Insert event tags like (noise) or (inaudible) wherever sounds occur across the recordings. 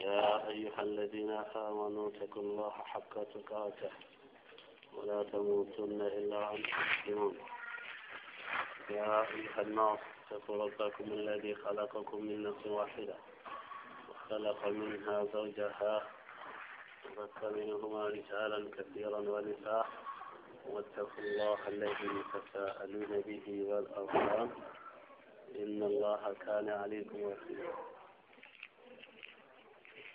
يا أيها الذين آمنوا اتقوا الله حق تقاته ولا تموتن إلا أنتم مسلمون يا أيها الناس اتقوا ربكم الذي خلقكم من نفس واحدة وخلق منها زوجها وبث منهما رجالا كثيرا ونساء واتقوا الله الذي تساءلون به والأرحام إن الله كان عليكم وكيلا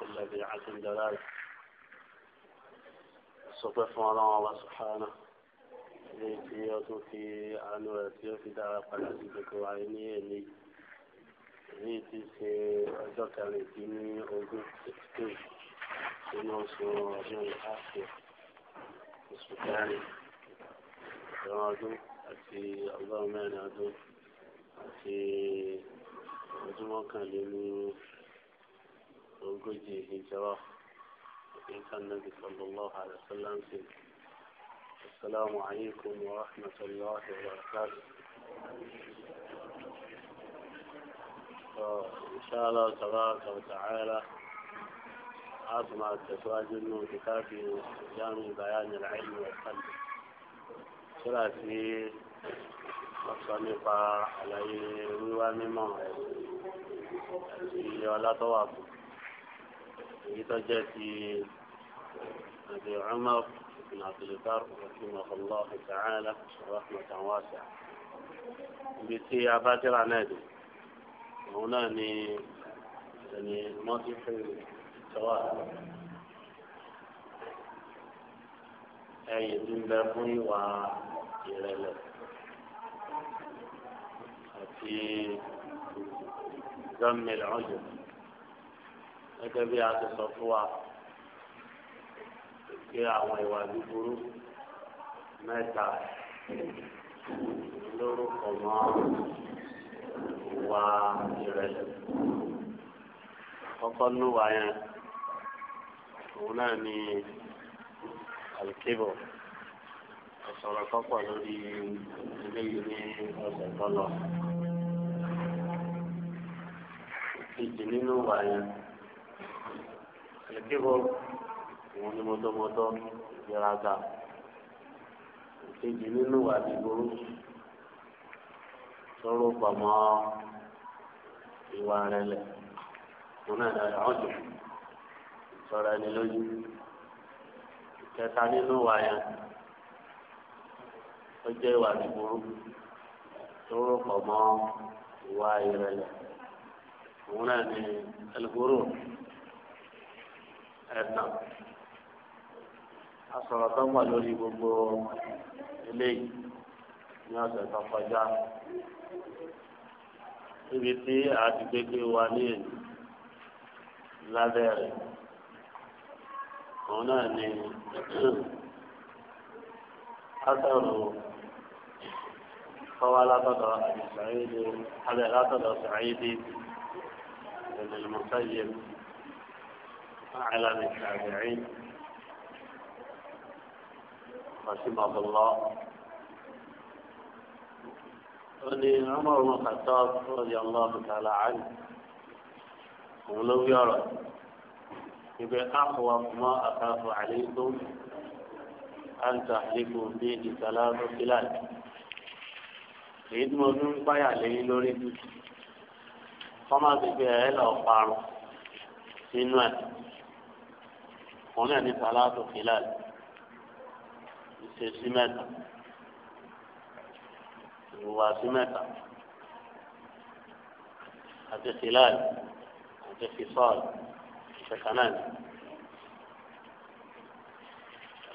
كل بدعة دلالة الصدف على الله سبحانه ليتي في عن ولتي في دار قلاتي بكوعيني لي ليتي في أجاك عن الديني أوجود تكتب ونوصل رجال الآخر وسبحانه رادو أتي الله ما نادو أتي ọdún mọ́kànlé ní ogójì ìjọba ìtànàbí sallallahu alaihi wasallam sí السلام عليكم ورحمة الله وبركاته إن شاء الله تبارك وتعالى عظمة التزواج من كتاب جامع بيان العلم والقلب ثلاثي مصنفة عليه روى مما iye ọlá tó wà fún èyí tó jẹ́ ti àti Umar ibn Abdul Barr rahimahullah ta'ala rahmatan wasi'a ibi tí abájára náà dé òun náà ni ẹni mọ́tí fún ìtọ́wà ẹ̀yìn tí ń bẹ fún ìwà ìrẹ̀lẹ̀ àti. zọmìlì ọjọ gẹ́gẹ́ bí a ti sọ fún wa pé àwọn ìwà búburú mẹ́ta lórúkọ mọ́ ìwà ìrẹ̀lẹ̀ kọ́kọ́ níwà yẹn òun náà ni alikébọ ọsọrọ kọ́kọ́ lórí eléyìí ní ọ̀sẹ̀ tó lọ. kejì nínú wà yẹn ẹ̀kíkọ́ òun ni mọ́tọ́mọ́tọ́ ìgbéraga kejì nínú wà ní gbòòrò sọ̀rọ̀ pamọ́ ìwà rẹ̀ lẹ̀ òun náà dára àwọn jù sọ̀rọ̀ ẹni lójú kẹta nínú wà yẹn ìwà ní gbòòrò sọ̀rọ̀ ìwà ìrẹ̀lẹ̀ òun náà ní ẹlẹgbọrọ ẹtàn asọ̀rọ̀ tó wà lórí gbogbo eléyìí ní ọ̀sẹ̀ tó kọjá níbi tí àdìgbègbè wa ní èyí lábẹ́ rẹ̀ òun náà ní asọ̀rọ̀ kọ́wá látọ̀dọ̀ àdìsàyédé abẹ́ látọ̀dọ̀ sàyédé. بن المسيب أعلم التابعين رحمه الله أن عمر بن الخطاب رضي الله تعالى عنه ولو يرى يبقى أخوف ما أخاف عليكم أن تحلفوا فيه ثلاث بلاد. Èyí tí mo fi ń páyà lé lórí tuntun kọ́má gbègbè ẹ̀ lọ parun sínú ẹ̀ òun náà ní sàlátù fìlàl ìṣesí mẹ́ta ìhùwàsí mẹ́ta àti fìlàl àti fìsọ́ọ̀l ìṣẹ̀kanáà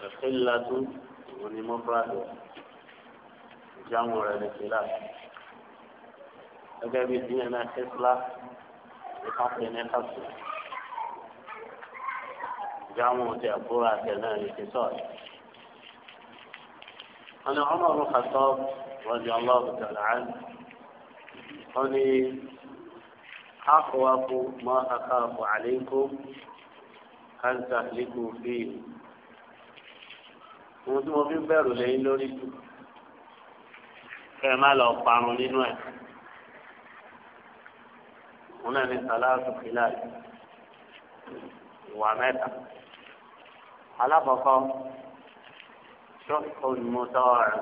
ẹ̀fẹ́ ńlá tún òun ni mọ́búrádùn gẹ́gẹ́ bí ìdílé náà tesla ìkápẹ́ ní kásù jáwọn òde àbúrò àti ẹ̀ náà ti sọ ẹ̀. wọ́n ní ọmọ ọ̀run kàtọ́ wọ́n di ọlọ́ọ̀bù tẹ̀lé án wọ́n ní akọ̀wákú mọ́ akáàkù àlékò káńtà lékò fíìmù. ohun tí mo fi bẹ̀rù lẹ́yìn lórí jù kẹ́ ẹ má lọ parun nínú ẹ̀ òun náà ní sàlátù fìlàlì ìwà mẹ́ta alákọ̀ọ́kọ́ ṣọ́ọ̀kọ́ ìmọ̀tọ́ ọ̀rẹ́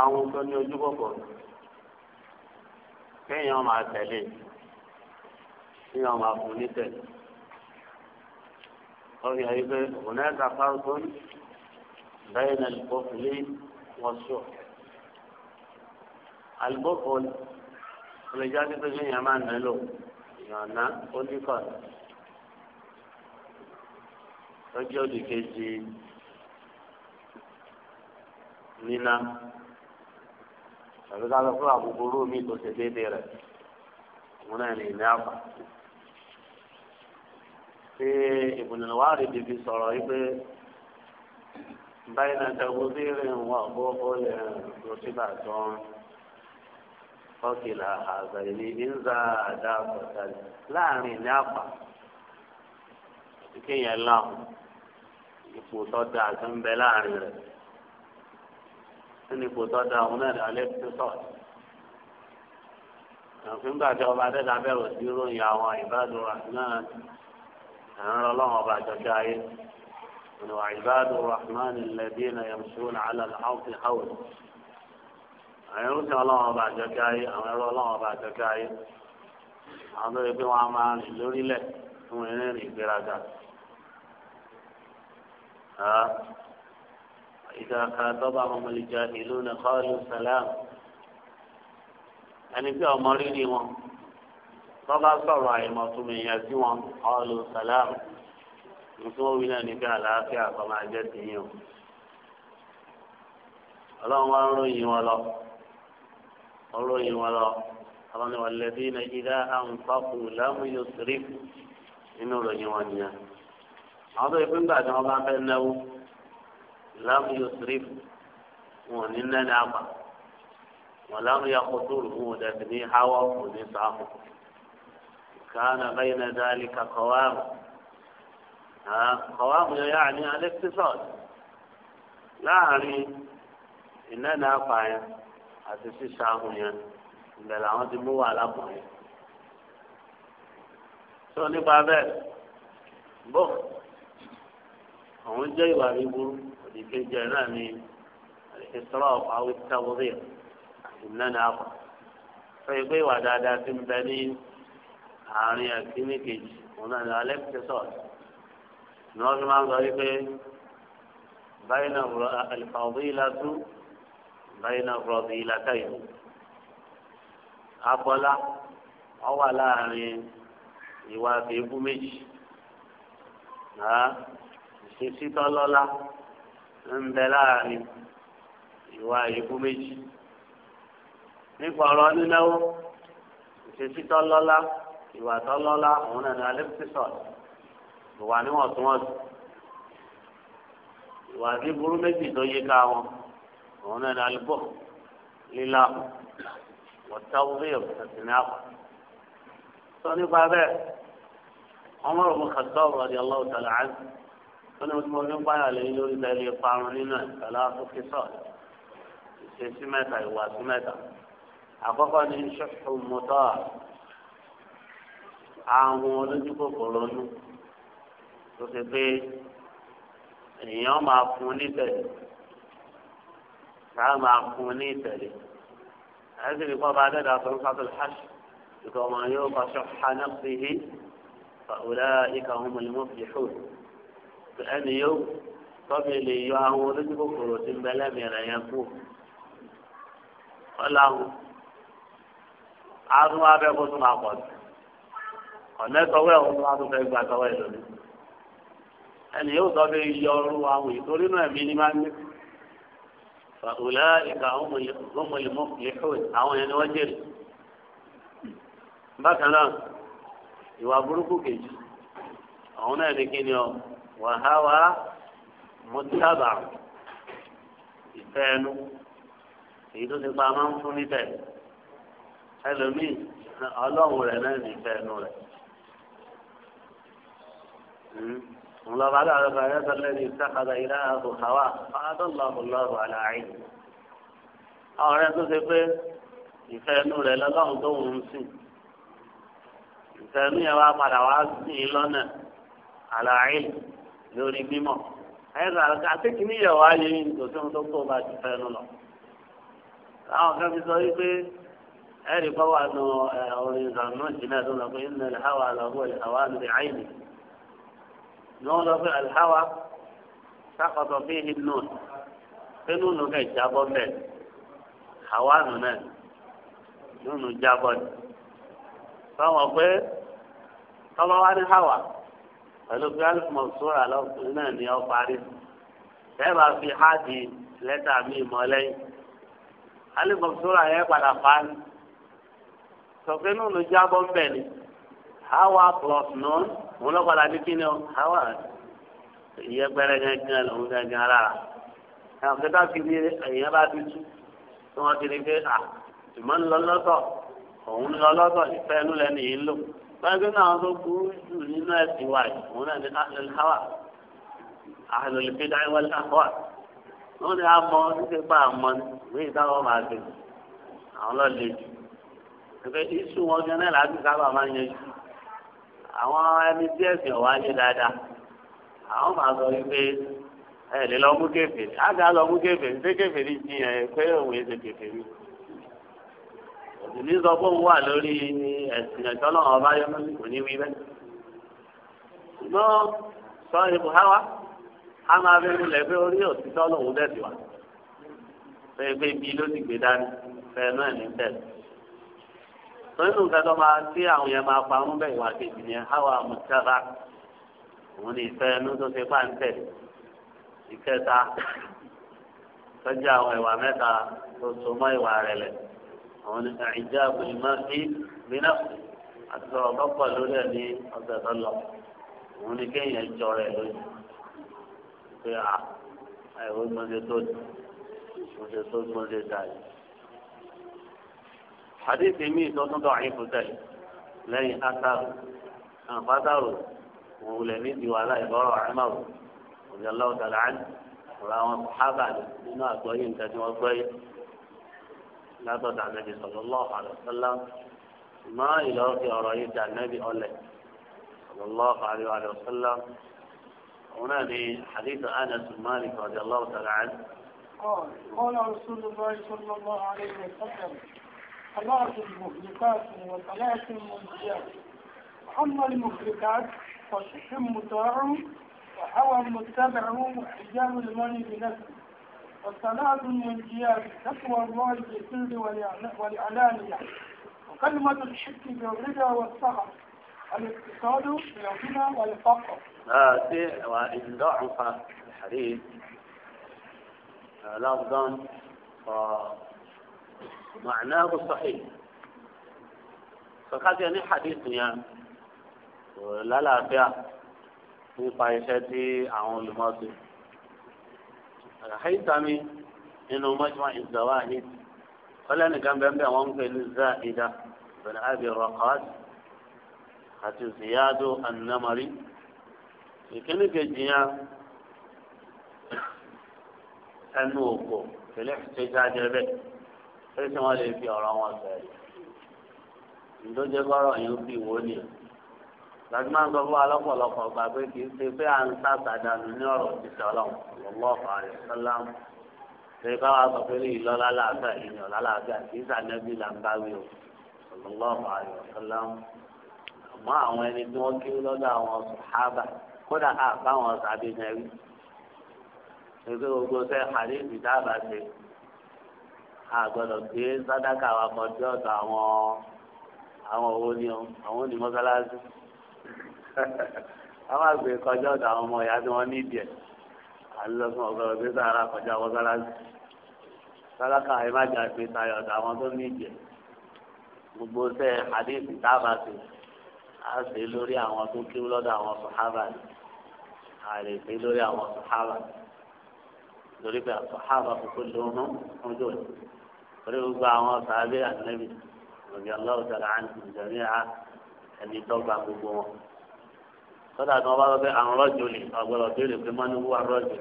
àwọn tó ní ojú kòkò kéèyàn máa tẹ̀lé kéèyàn máa fún ní tẹ̀lé ọ̀rọ̀ yà wípé òun náà ká fáwọn tó ní bẹ́ẹ̀ ní alùpùpù lé wọ́n sọ̀ alùpùpù lé ọlọ́jà ní pé kéèyàn máa nà lò ìyànná ó ní kọ̀ lọ́jọ́ òdì kejì nínà tàbí ká lọ fún àbúrò mi tó ṣe déédéé rẹ̀ òun náà ní ìní àpà. ṣé ìbùnà wà rí bíbí sọ̀rọ̀ yìí pé báyìí náà dàgbò bí rìn wọ́n àbúrò ó lè rìn lọ sí bàtọ́. فقل هذا من زاد فتن لا من يعني يقع كي يلاه يفوتو دا كم بلا عرير يعني ان يفوتو دا هنا لعليك تصوت فهم دا جواب هذا دا بيه وزيرون يعوان عباد الرحمن أنا الله ما بعد جاي وعباد الرحمن الذين يمشون على الأرض حولا àwọn ẹrú sí ọlọ́run ọba àjọkẹ́ ayé àwọn ẹrú ọlọ́run ọba àjọkẹ́ ayé àwọn tó yẹ pé wọ́n á máa rìn lórílẹ̀ fún ìrìn ìgbéraga. إذا خاطبهم الجاهلون قالوا سلام ẹni bí ọmọ rírì wọn tọ́ba sọ̀rọ̀ àìmọ̀túnmí yẹn sí wọn ọlù sàlám nítorí wí náà níbi àlàáfíà kọ́ máa jẹ́ tìyẹn o ọlọ́run wá ń ròyìn wọn lọ ọlọ́yin wọn lọ àwọn ni wọn lẹ́bí iná ìdá àǹfààkù láwọn yóò sèré nínú ìròyìn wọn nìyẹn àwọn tó yẹ pé ńgbà tí wọn bá fẹ́ náwó láwọn yóò sèré wọn ò ní nẹ́ni àgbà wọn láwọn yà kó tó rùn wọn dàbí ní háwọ́ kò ní sáfù kánà báyìí náà dáálí kakọ́wáàmù kọ́wáàmù yẹn yára ní alẹ́ sísọ̀tì láàrin ìnáná apààyàn àti sísá ahùn yẹn ìbẹ̀ làwọn ti mú wàhálà bọ̀ yẹn. sọ nípa bẹ́ẹ̀ bọ́ àwọn jẹ́ ìwà ríburú òdìkejì ẹ̀ náà ni ìṣòro àwọn ìtàwọ́rì ìnáni àpò sọ pé ìwà dáadáa ti ń bẹ ní àárín ẹ̀kíní kejì òun náà ni alẹ́ ti sọ̀rọ̀ ni fi máa ń sọ wípé báyìí náà àlùfáà òbí ìlà tún báyìí náà rọ̀bì ìlàkà ìlú. abọ́lá ọ wà láàrin ìwà àbẹ̀kú méjì ìṣesí tọ́lọ́lá ń bẹ láàrin ìwà àbẹ̀kú méjì. nípa ọ̀rọ̀ nínáwó ìṣesí tọ́lọ́lá ìwà tọ́lọ́lá òun náà ní alẹ́pùtìsọ̀ ìwà níwọ̀ntúnwọ̀nsì ìwà àbí burú méjì tó yé ká wọn òun náà ní alùpùpù lílá wọ́táwúrẹ́ọ̀ tẹ̀sínáàpù. sọ nípa bẹ́ẹ̀ ọmọ rẹ̀ mú kàtọ́ ọ̀rọ̀dì aláwọ̀ tàlà án tó ní mo fi ń pààyàn lẹ́yìn lórí tẹ̀lé parun nínú ẹ̀ tàlà àtúnkì sọ̀ ṣe sí mẹ́ta ìwà sí mẹ́ta. àkọ́kọ́ ní ṣọ́ọ̀ṣù mọ́tọ́ àwọn olójú kòkòrò nù tó ti pé èèyàn máa fún níbẹ̀. تعال معقوني تالي هذا اللي قال بعد ذلك تنصع الحش يقول ما يوقع شح نفسه فأولئك هم المفلحون فأن يوم قبل يعود بكرة بلا من ينفوه قال له عظم أبي أبو سمع قد قال ما تقول أبو سمع قد فإنك أتوى إذن أن يوم قبل يعود بكرة بلا من ينفوه fàwùlà ìka ọmọlẹ́mọ́ lẹ́kọ̀ọ́ àwọn yẹn ni wọ́n jèrè. bákan náà ìwà burúkú kejì àwọn náà ní kíni ọ wàháwá mọ́tàbà ìfẹ́ ẹnu èyí tó ti الله على هذا الذي اتخذ إلهه هواه فأعاد الله الله على عينه àwọn ẹni tó ṣe pé ìfẹ́ inú rẹ̀ lọ́lọ́run tó ń sìn ìfẹ́ inú yẹn wá padà wá sìn ín lọ́nà àlàyé lórí mímọ́ ẹ̀rọ àti kìnìyàn wá yẹ kò sí ohun tó kó bá ti fẹ́ inú lọ. àwọn kan fi sọ wípé ẹ̀rì bá wà nù orin ìzànú jìnnà tó lọ pé ń lè hàwà lọ́wọ́ ìhàwà lórí àyè nìyí lọ́wọ́ lọ pé alihawa sákòtò bíi himnu pẹ̀lú nù kẹ́ jábọ́ bẹ́ẹ̀ hawa nù náà nùnù jábọ́ ni fáwọn pé tọ́lọ́ wá ní hawa pẹ̀lú pé alifumọ̀ sóra lọ́kùnrin náà ni ọ parí bẹ́ẹ̀ bá fi háàdì lẹ́tà mi mọ́ lẹ́yìn alifumọ̀ sóra yẹn padà pa ni sọ pé nùnù jábọ́ bẹ́ẹ̀ ni hawa plus nùnù òun lọ́kọ̀ọ́lá ní kíni o àwa ìyẹ́pẹ́rẹ́ gángan lòun gángan alára àwọn kẹta ti ní èèyàn bá ti tú tí wọ́n ti ní pé à ìmọ̀ ń lọ lọ́tọ̀ òun ń lọ lọ́tọ̀ ìfẹ́ inú lẹ́nu yìí ń lò báyìí pé náà tó burú jù nínú ẹ̀sìn wa òun náà ní ahlul hawa ahlul bid'a wal ahwa wọ́n ní amọ̀ títí pa àmọ́ ní ìwé ìdáwọ́ máa gbé àwọn lọ́ọ́ lè jù ìfẹ́ iṣu wọn gan náà àwọn ẹni tí ẹ̀sìn ọ̀wá ní dáadáa àwọn máa sọ wípé ẹ lè lọ mú kèfèrí àgbà lọ mú kèfèrí ṣé kèfèrí jiyàn pé òun èsè kèfèrí òsìlì sọ pé òun wà lórí ẹ̀sìn ẹ̀tọ́ náà ọba yọmọ kò ní wí bẹ́ẹ̀ ṣùgbọ́n sọ ibù háwa a máa fi rinlẹ̀ pé orí òtítọ́ lòun dẹ̀ ti wà pé pé bí ló ti gbé dání fẹ́ẹ́ náà ní tẹ̀sí torí nù nǹkan tó máa tí àwọn yẹn máa parun bẹ́ẹ̀ wá kejì ni hawa mutara òun ni ìfẹ́ ẹnu tó ṣe bá ń tẹ̀ ìkẹta tọ́jú àwọn ìwà mẹ́ta tó so mọ́ ìwà rẹ̀ lẹ̀ òun ni ìjà àbùmọ́ sí gbìnà àti sọ̀rọ̀ tọ́pọ̀ lórí ẹ̀ ní ọ̀sẹ̀ tó lọ òun ni kéèyàn jọ rẹ̀ lójú pé à àìwé gbọ́njẹ tó dùn gbọ́njẹ tó gbọ́njẹ dà yìí hadithi mi tuntun tó àyè fún tẹ́lẹ̀ lẹ́yìn asaru àǹfàtàrò òwúlẹ̀ ní ìwà aláìbọ̀rọ̀ àmàwò òbí aláwọ̀ tàlà án ọ̀rọ̀ àwọn sàhábà nínú àgbọ̀yé nǹkan tí wọ́n gbọ́yé látọ̀dọ̀ ànábì sallallahu alaihi wasallam mọ́ ìlọ́ọ̀fì ọ̀rọ̀ yìí ti ànábì ọlẹ̀ sallallahu alaihi wasallam òun náà ni hadith anas malik radiyallahu tàlà án. قال رسول الله صلى الله عليه وسلم ثلاث مهلكات وثلاث منجيات أما المهلكات فالشم مطاع وهوى متبع وحجاب المال بنفسه والثلاث المنجيات تقوى الله بالسر والعلانية وكلمة الشك بالرضا والصغر الاقتصاد بالغنى والفقر. آه وإن ضعف الحديث لفظا معناه صحيح فقال يعني حديث يعني لا لا في فايشتي عون الماضي حيث أمي إنه مجمع الزواهد فلا كان بأن بأن الزائدة بن أبي الرقاد حتى زياد النمري لكن في الجنة أنه في الاحتجاج به pé tí wọ́n lè fi ọ̀rọ̀ wọn sẹ́yìn ìdójẹ́ kọ́rọ̀ yóò bí wò ni láti máa ń sọ fún alọ́pọ̀lọpọ̀ gbà pé kì í ṣe pé à ń sàṣàdánù ní ọ̀rọ̀ òṣìṣẹ́ ọlọ́run lọ́wọ́ ààrẹ sọ́lámù ṣe káwá sọ pé lè lọ lálàáfíà ìní ọ̀la làáfíà kì í sànẹ́bí là ń báwí o lọ́wọ́ ààrẹ àmọ́ àwọn ẹni tí wọ́n kí lọ́dọ̀ àwọn sàhábà kódà àbáwọn sàbẹ̀nẹ́rí ṣe pé gbogbo sẹ́ a gbọ́dọ̀ gbé sádàkà wa kọ sí ọ̀dọ̀ àwọn àwọn owó ní ọ àwọn onímọ̀sálásí àwọn (laughs) àgbẹ̀ kọjá ọ̀dọ̀ àwọn ọmọ ìyá tí wọ́n ní ìdíẹ̀ àlọ́sùn ọ̀gbọ̀rọ̀ gbé sára kọjá mọ́sálásí sádàkà ẹ má jà pé tayọ̀ ọ̀dọ̀ àwọn tó ní ìdíẹ̀ gbogbo sẹ́ hadith tábàtì á ṣe lórí àwọn tó kí lọ́dọ̀ àwọn sọ̀hábà ni àlè ṣe lórí àwọn sọ̀hábà lórí pé àsọ̀hábà kò tó lóhùn ọjọ́ ìlú torí gbogbo àwọn sàbẹ àtẹnẹbi òbí aláwọ sàlẹ àti ìjọba yà ẹni dọ́gba gbogbo wọn sọdọ àti wọn bá lọ pé àwọn rọjò lè ọgbọdọ tó lè pé mọnú wà rọjò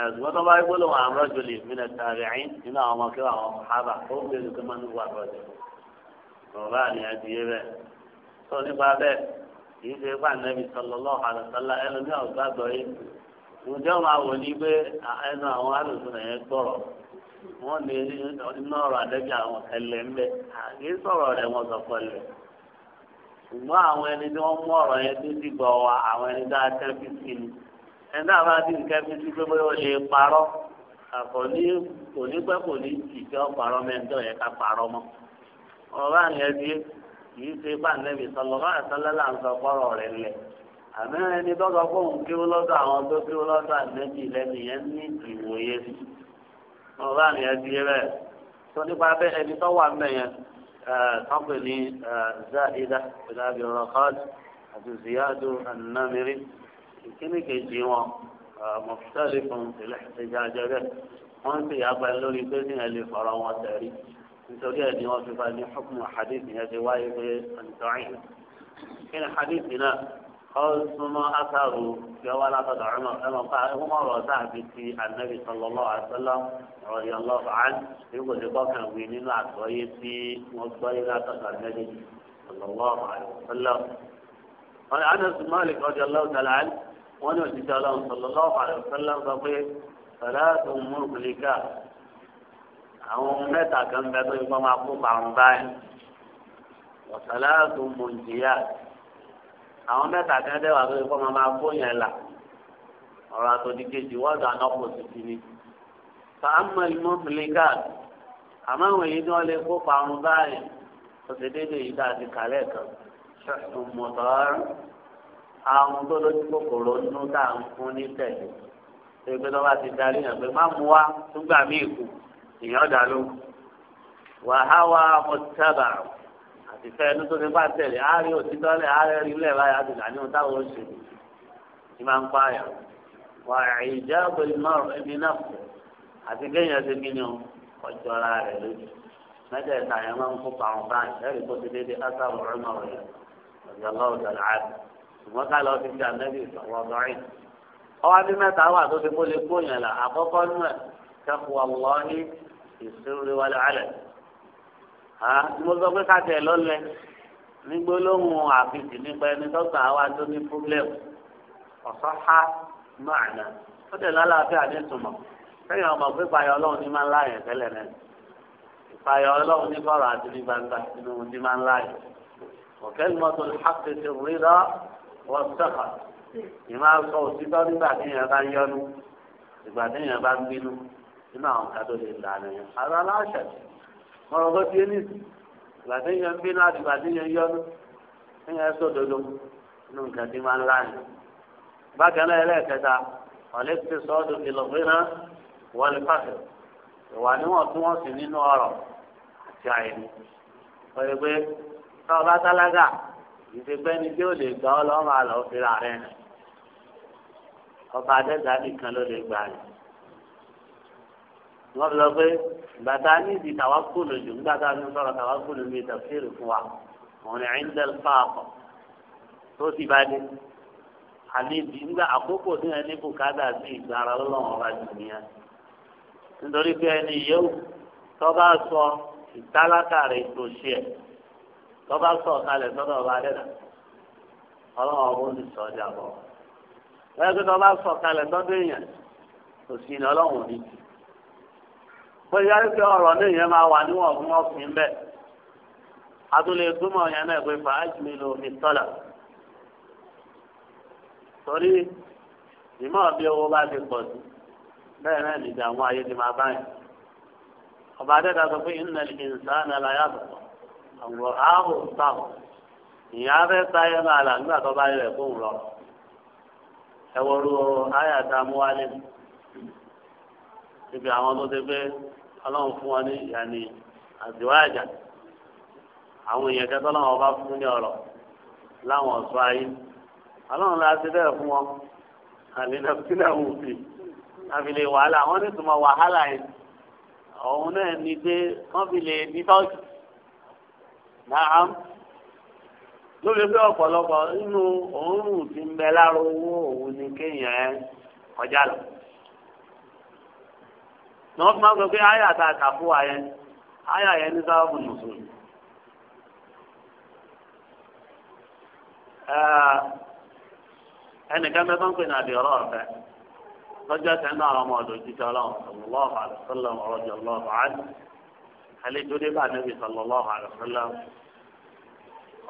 ẹsùn tó bá yẹ gbọdọ wọn àwọn rọjò lè mílẹ sàbẹ ẹyìn nínú àwọn ọmọ kéwà àwọn ọmọkàbà ó lè lè pé mọnú wà rọjò bàbá ni a ti yé bẹ́ẹ̀ sọ nípa bẹ́ẹ̀ kì í ṣe pé ànẹbi sọlọ lọ àlùsọlá ẹlòmíràn gbàgbọ́ yìí ǹjẹ́ wọn àwọn ní pé ẹnu àwọn alùpùpù wọ́n lè iná ọ̀rọ̀ àdẹ́bí àwọn ẹlẹ́ ń bẹ àti sọ̀rọ̀ rẹ̀ wọ́n sọ pẹ̀lú àwọn ẹni tí wọ́n mú ọ̀rọ̀ yẹn tó ti àwọn ẹni tá a nke sí ni ẹni tá sí pé bóyá lè ní kò ní kò ní ọ sọlọ bá là ń sọ àmì ẹni fóun kí àwọn tó ọ̀rọ̀ àmì ẹbí rẹ̀ tó nípa abẹ́ ẹni tó wà mẹ́ yẹn tọ́pẹ̀ ní zaida ìlàbí rọ̀kọ́d àti ziyadu anamiri ìkíní kejì wọn mọ̀fútàlì fún ìlẹ̀ ìjàjẹ rẹ̀ wọ́n sì yàgbá lórí pé ní ẹ̀ lè fọ̀rọ̀ wọn tẹ̀rí nítorí ẹ̀ ni wọ́n fi fa ní hukumu hadith yẹn ti wáyé pé àǹtọ́rin kí ni hadith náà ọ̀sùnmọ́ asáru tí wọ́n látọ̀dọ̀ ọ̀rọ̀ ẹ̀mọ́ pa ẹ̀mọ́ ọ̀rọ̀ sáàbí ti anabi sọlọ́lọ́ àṣẹlọ́ ọ̀rọ̀ ọlọ́ọ̀bà án ní kò sí kọ́kàn wí nínú àgbọ́yé tí wọ́n gbọ́yé látọ̀dọ̀ anabi sọlọ́lọ́ àṣẹlọ́. wọ́n ní anas malik ọ̀dọ̀ ọlọ́ọ̀ tẹ̀lé wọ́n ní òṣìṣẹ́ ọlọ́run sọlọ́lọ́ àṣẹlọ́ sọ pé sọláàtù múlùkùlìkà àwọn mẹ́ta kan bẹ́ẹ̀ àwọn mẹ́ta kan dẹ́wà tó kọ́ máa máa fún yẹn là ọ̀rọ̀ àtòdì kejì wọ́n dà náà pọ̀ títí ni. fàámù ìmọ̀mìlíkà àmọ́ àwọn èyí ni wọ́n lè kó parun báyìí ọ̀sẹ̀ déédéé yìí dá ti kàlẹ́ kan ṣẹ́sùn àwọn tó lójú kòkòrò nínú tá à ń fún ní tẹ̀lé pé tó ti darí yàn pé má mu wá túgbà míì kù ìyàn dà wàhálà mọ̀tàbà àti fẹ́ ẹnu tó ti bá tẹ̀lé àárẹ̀ òtítọ́ lẹ̀ àárẹ̀ rí lẹ̀ báyà ti dà táwọn oṣù ti máa ń pààyà wà ìjà pẹ̀lú márùn ẹni náà fẹ́ àti kéèyàn ti kí ni o ọjọ́ ara rẹ̀ lójú mẹ́tẹ̀ẹ̀ta yẹn máa ń kó pàrọ̀ báyìí ẹ̀rí kó ti dédé ásáwọ̀ ọ̀rẹ́mọ̀ rẹ̀ ọ̀jọ̀ lọ́wọ́ dọ̀là á ṣùgbọ́n ká lọ sí ti ànẹ́bí ìṣọ̀wọ́ dọ́rin ọwọ́ bí mẹ́ta wà tó ti kó lè kó yẹn là àkọ́kọ́ nù ẹ̀ kẹ́kọ̀ọ́ wọ́ọ́ni ìṣúrí wọlé alẹ́ mo sọ pé ká tẹ̀ lọ́lẹ̀ nígbólóhùn àfihàn nípa ẹni tọ́ta wa tó ní pọ́blẹ́mù ọ̀sán ha máàna ó tẹ̀ lálàáfíà ní ìtumọ̀ kẹ́yìn ọmọ pé ìpayọ̀ ọlọ́run ní máa ń láàyè tẹ́lẹ̀ náà ìpayọ̀ ọlọ́run ní bọ̀rọ̀ àti ní gbangba nínú ohun tí máa ń láàyè ọ̀kẹ́ ni mọ́tò láti ṣe rírọ́ wọ́n sọ̀kà ní máa sọ òtítọ́ nígbà tí èèyàn bá ń yọnu ìgbà tí èèyàn bá ń bínú nínú àwọn kan tó lè là nìyẹn ara aláṣẹ ọ̀rọ̀ tó ti ní ìsìn gbàdéyàn ń bínú àti gbàdéyàn yọnu ẹ̀yàn ẹ̀sọ́ dodo inú nǹkan tí máa ń láàyè. bákan náà ẹlẹ́ẹ̀kẹta ọ̀lẹ́ ti sọ ọdún ìlọ̀gbẹ́nà wọlé pàṣẹ ìwà níwọ̀ntúnwọ̀nsì nínú ọ̀rọ̀ àti àyẹ̀mí. pẹ̀lú pé táwọn bá tálágà ìṣègbẹ́ni tí ó lè gbà ọ́ lọ́wọ́ àlọ́ fira rẹ̀ ọba adẹ́gbàá nìkan ló lè gbà rẹ̀ wọ́n fi sọ pé gbàtà níbi tàwa kú lójú gbàtà ní sọ̀rọ̀ tàwa kú lójú ìtàfíìrì fún wa òun ní ẹ̀ńdẹ́l fáàkọ̀ tó ti bá dé àníbi nígbà àkókò tí wọn ní bùkátà sí ìgbára lọ́wọ́n ọba jù nìyẹn nítorí pé ẹni yẹ́wò tó bá sọ ìtálákà rẹ̀ ìtòṣì ẹ̀ tó sọ ọ̀kalẹ̀ sọ́dọ̀ ọba dẹ́dà ọlọ́wọ́n ọba ó sọ ọjà bọ̀ wọ́n yẹ kí tó sọ ọ̀kalẹ̀ sọ́dọ̀ èèyàn òsì ni ọlọ́wọ́n ò ní jù. bóyá pé ọ̀rọ̀ náà yẹn máa wà níwọ̀n fún ọkùnrin bẹ́ẹ̀ adúlé gbọ́mọ̀ yẹn náà pé fàájì mi lò mí tọ́lá torí ìmọ̀ bí owó bá ti pọ̀ sí bẹ́ẹ̀ náà nìjà àwọn ayé ti máa báyìí ọba adẹ́ta sọ pé ìnà ìsàn náà la yàtọ̀ àwọn ààbò sáwọ̀ ìyá fẹ́ sáyé máa là nígbà tó bá yẹ kó ayàtà àwọn tó ti gbé. ọlọ́run fún wọn ní ìyàní àdìwájà àwọn èèyàn kẹtọ́ làwọn bá fún ní ọ̀rọ̀ láwọn ọ̀ṣọ́ ayé ọlọ́run la ti bẹ́ẹ̀ fún wọn àlejò sílẹ̀ wù sí àfilè wàhálà wọn ní tùmọ̀ wàhálà yẹn òun náà ni pé wọ́n fi lè ní tọ́jú náà lórí pé ọ̀pọ̀lọpọ̀ nínú òórùn ti ń bẹ lára owó òun ni kéèyàn kọjá lọ. na wọ́n fi máa a kà fún wa yẹn àyà yẹn ní sábàbù nùsùlù. ní àdìọ́rọ́ ọ̀fẹ́ lọ́jọ́ sẹ́ńdọ̀ àwọn ọmọ ọ̀dọ̀ ọlọ́run sọlọ́ọ̀fà àdìsọ́lọ́ ọ̀rọ̀jọ lọ́ọ̀fà ájì àlejò dé bá níbi sọlọ́ọ̀fà àdìsọ́lọ́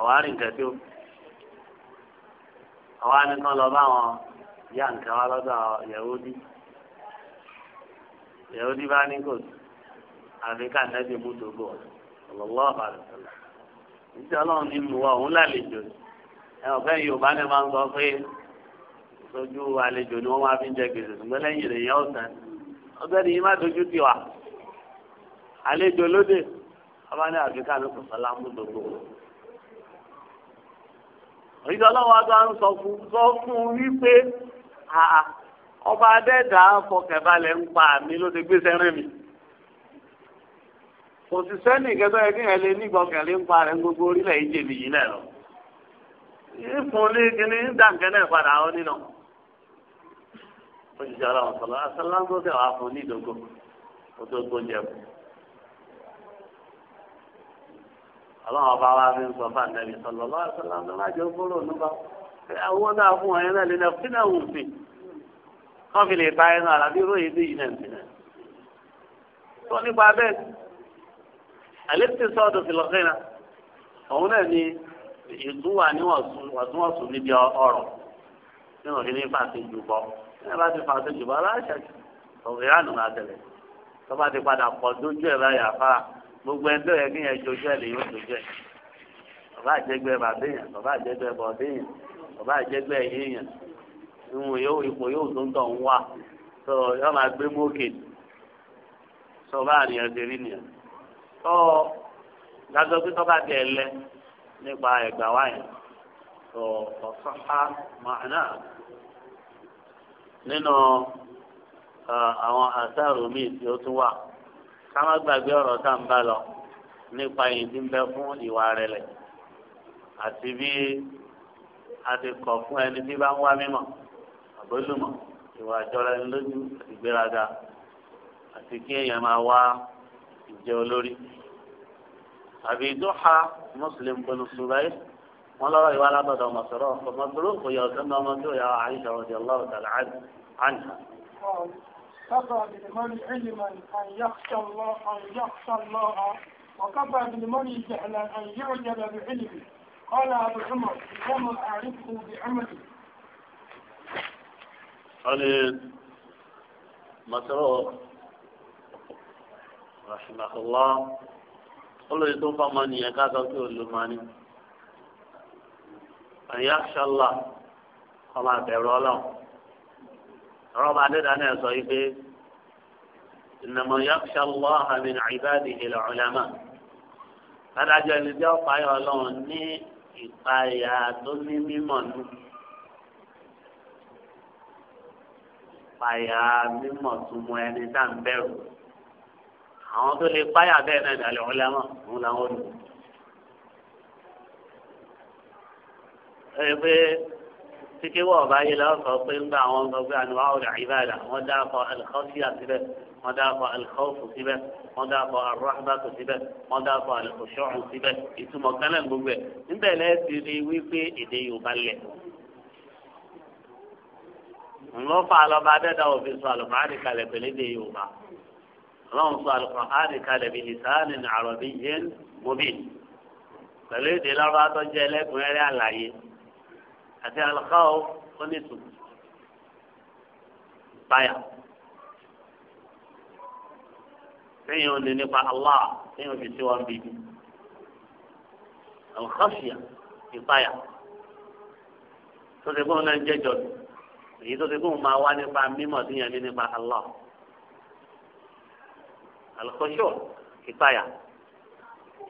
ọ̀wárí ìyàwó ní bá ní kò sí àfi ká nẹ́bí mú dògbò ọ̀lọ́lọ́ àbàlùsọ̀lá ìṣẹ́ wa òun lálejò ẹ yorùbá ni máa ń pé sojú àlejò ni máa fi ń jẹ yẹn má dojú àlejò lóde ọba ní àfi ká nẹ́bí sọ̀lá mú dògbò òyìnbó ọlọ́run wa ń sọ fún sọ fún wípé àà. ọba adẹ́dà fọkẹ̀balẹ̀ ń pa mi ló ti gbé sẹ́rìn mi kò sì sẹ́ni ìkẹ́tọ́ yẹ kí yẹn lé nígbọ̀kẹ̀lé ń pa rẹ̀ gbogbo orílẹ̀ yìí jèmi yìí náà lọ. ìfún ní kíní ń dà nkẹ́ náà padà ọ nínà. òṣìṣẹ́ ọlọ́run sọ̀rọ̀ asáláńgó tẹ̀ wá fún nídógó kó tó gbóúnjẹ kù. ọlọ́run ọba wa fi ń sọ fún àtẹ̀lẹ́ lọ́wọ́ asáláńgó lájọ gbólóhùn nípa àwọn wọ́n fi lè ba ẹnu àlàbí ròyìn bí yìí náà ń bìnà. nípa bẹ́ẹ̀ àlébùtì sọ́ọ̀dù fìlọ́sẹ́nà òun náà ni ìlú wà níwọ̀ntúnwọ̀nsùn níbi ọ̀rọ̀ tí wọ́n fàṣẹ jù bọ́ bá ti fàṣẹ jù aláṣà òfin àná máa tẹ̀lé tó bá ti padà pọ̀ dójú ẹ̀ báyà fà gbogbo ẹni yẹ kí yẹn jojú ẹ̀ lè yóò jojú ẹ̀ bàbá àjẹgbẹ́ bàbá èèyàn bàbá àjẹgbẹ́ bọ̀dé èèyàn bàbá àjẹgbẹ́ èèyàn ìwọ̀n yóò ipò yóò tó ń tọ̀ ń wà tó yọ máa gbé mókè tó bá àníyàn ti rí nìyẹn tó dájọ́ pé tó tẹ̀ lẹ nípa ẹ̀gbà wáyà tó ọ̀sán á máa náà nínú àwọn àṣàrò míì tí ó tún wà ká má gbàgbé ọ̀rọ̀ tá à ń bá lọ nípa yìí ti ń bẹ fún ìwà rẹ̀lẹ̀ àti bí a ti kọ̀ fún ẹni tí bá ń wá mímọ̀ àbólúmọ̀ ìwà àjọra ẹni lójú àti ìgbéraga àti kí èèyàn máa wá ìjẹ́ olórí. àbí dúhà mùsùlùm bọ̀nù sùbáyé wọn lọ́rọ̀ ìwà alábọ̀dọ̀ mọ̀sọ̀rọ̀ ọmọdúró kò yẹ ọ̀sán náà ọmọdé òyà àyíṣà ọ̀dẹ̀ ọlọ́run tàlà àná. أن يخشى الله أن يخشى الله وكفى بالمرء جهلا أن يعجب بعلمه قال أبو عمر لم أعرفه بعملي قال مسروق رحمه الله قل يطوف من يكاد كل أن يخشى الله ọba bẹ̀rù ọlọ́run ọ̀rọ̀ ọba adédáná ẹ̀ sọ yìí pé ìnàmọ̀ yakhsha Allah min ibadihi al-ulama adájọ́ ẹni tí ọ̀pá yọ ọlọ́run ní ìpayà tó ní mímọ̀ nù. páyà mímọ̀ túmọ̀ ẹni tá à ń bẹ̀rù àwọn tó lè páyà bẹ́ẹ̀ náà dàlẹ́ wọn lẹ́mọ̀ òun làwọn olùkọ́. ẹ pé títí wọ́n ọba yìí lọ́wọ́ sọ pé ń bá àwọn ọmọ gbé àná wàhùn ìbáàdà wọ́n dá akọ alikọ́síà síbẹ̀ wọ́n dá akọ alikọ́sù síbẹ̀ wọ́n dá akọ arúgbàtò síbẹ̀ wọ́n dá akọ alikọ́sọ́ọ̀hún síbẹ̀ ìtumọ̀ kánà gbogbo ẹ̀ níbẹ̀ lẹ́sìn ni wípé èdè Yorùbá lẹ̀ ńlọ fà lọ́ba adẹ́dá òfin sọ àlùkò àdìkalẹ̀ pẹ̀lú èdè yorùbá ọlọ́run sọ àlùkò àdìkalẹ̀ bíi lisanin arabiyyin mubin pẹ̀lú èdè lọ́ba tó jẹ́ ẹlẹ́kùnrin àlàyé àti alùkáwò oníṣù báyà sẹ́yìn ò nípa allah sẹ́yìn ò sí wọn bíbí alùkáfíà ìpáyà tó ti gbọ́n náà ń jẹ́jọ́ dùn èyí tó ti kó máa wá nípa mímọ̀ tí yẹn ní nípa Allah alukọṣọ ìpayà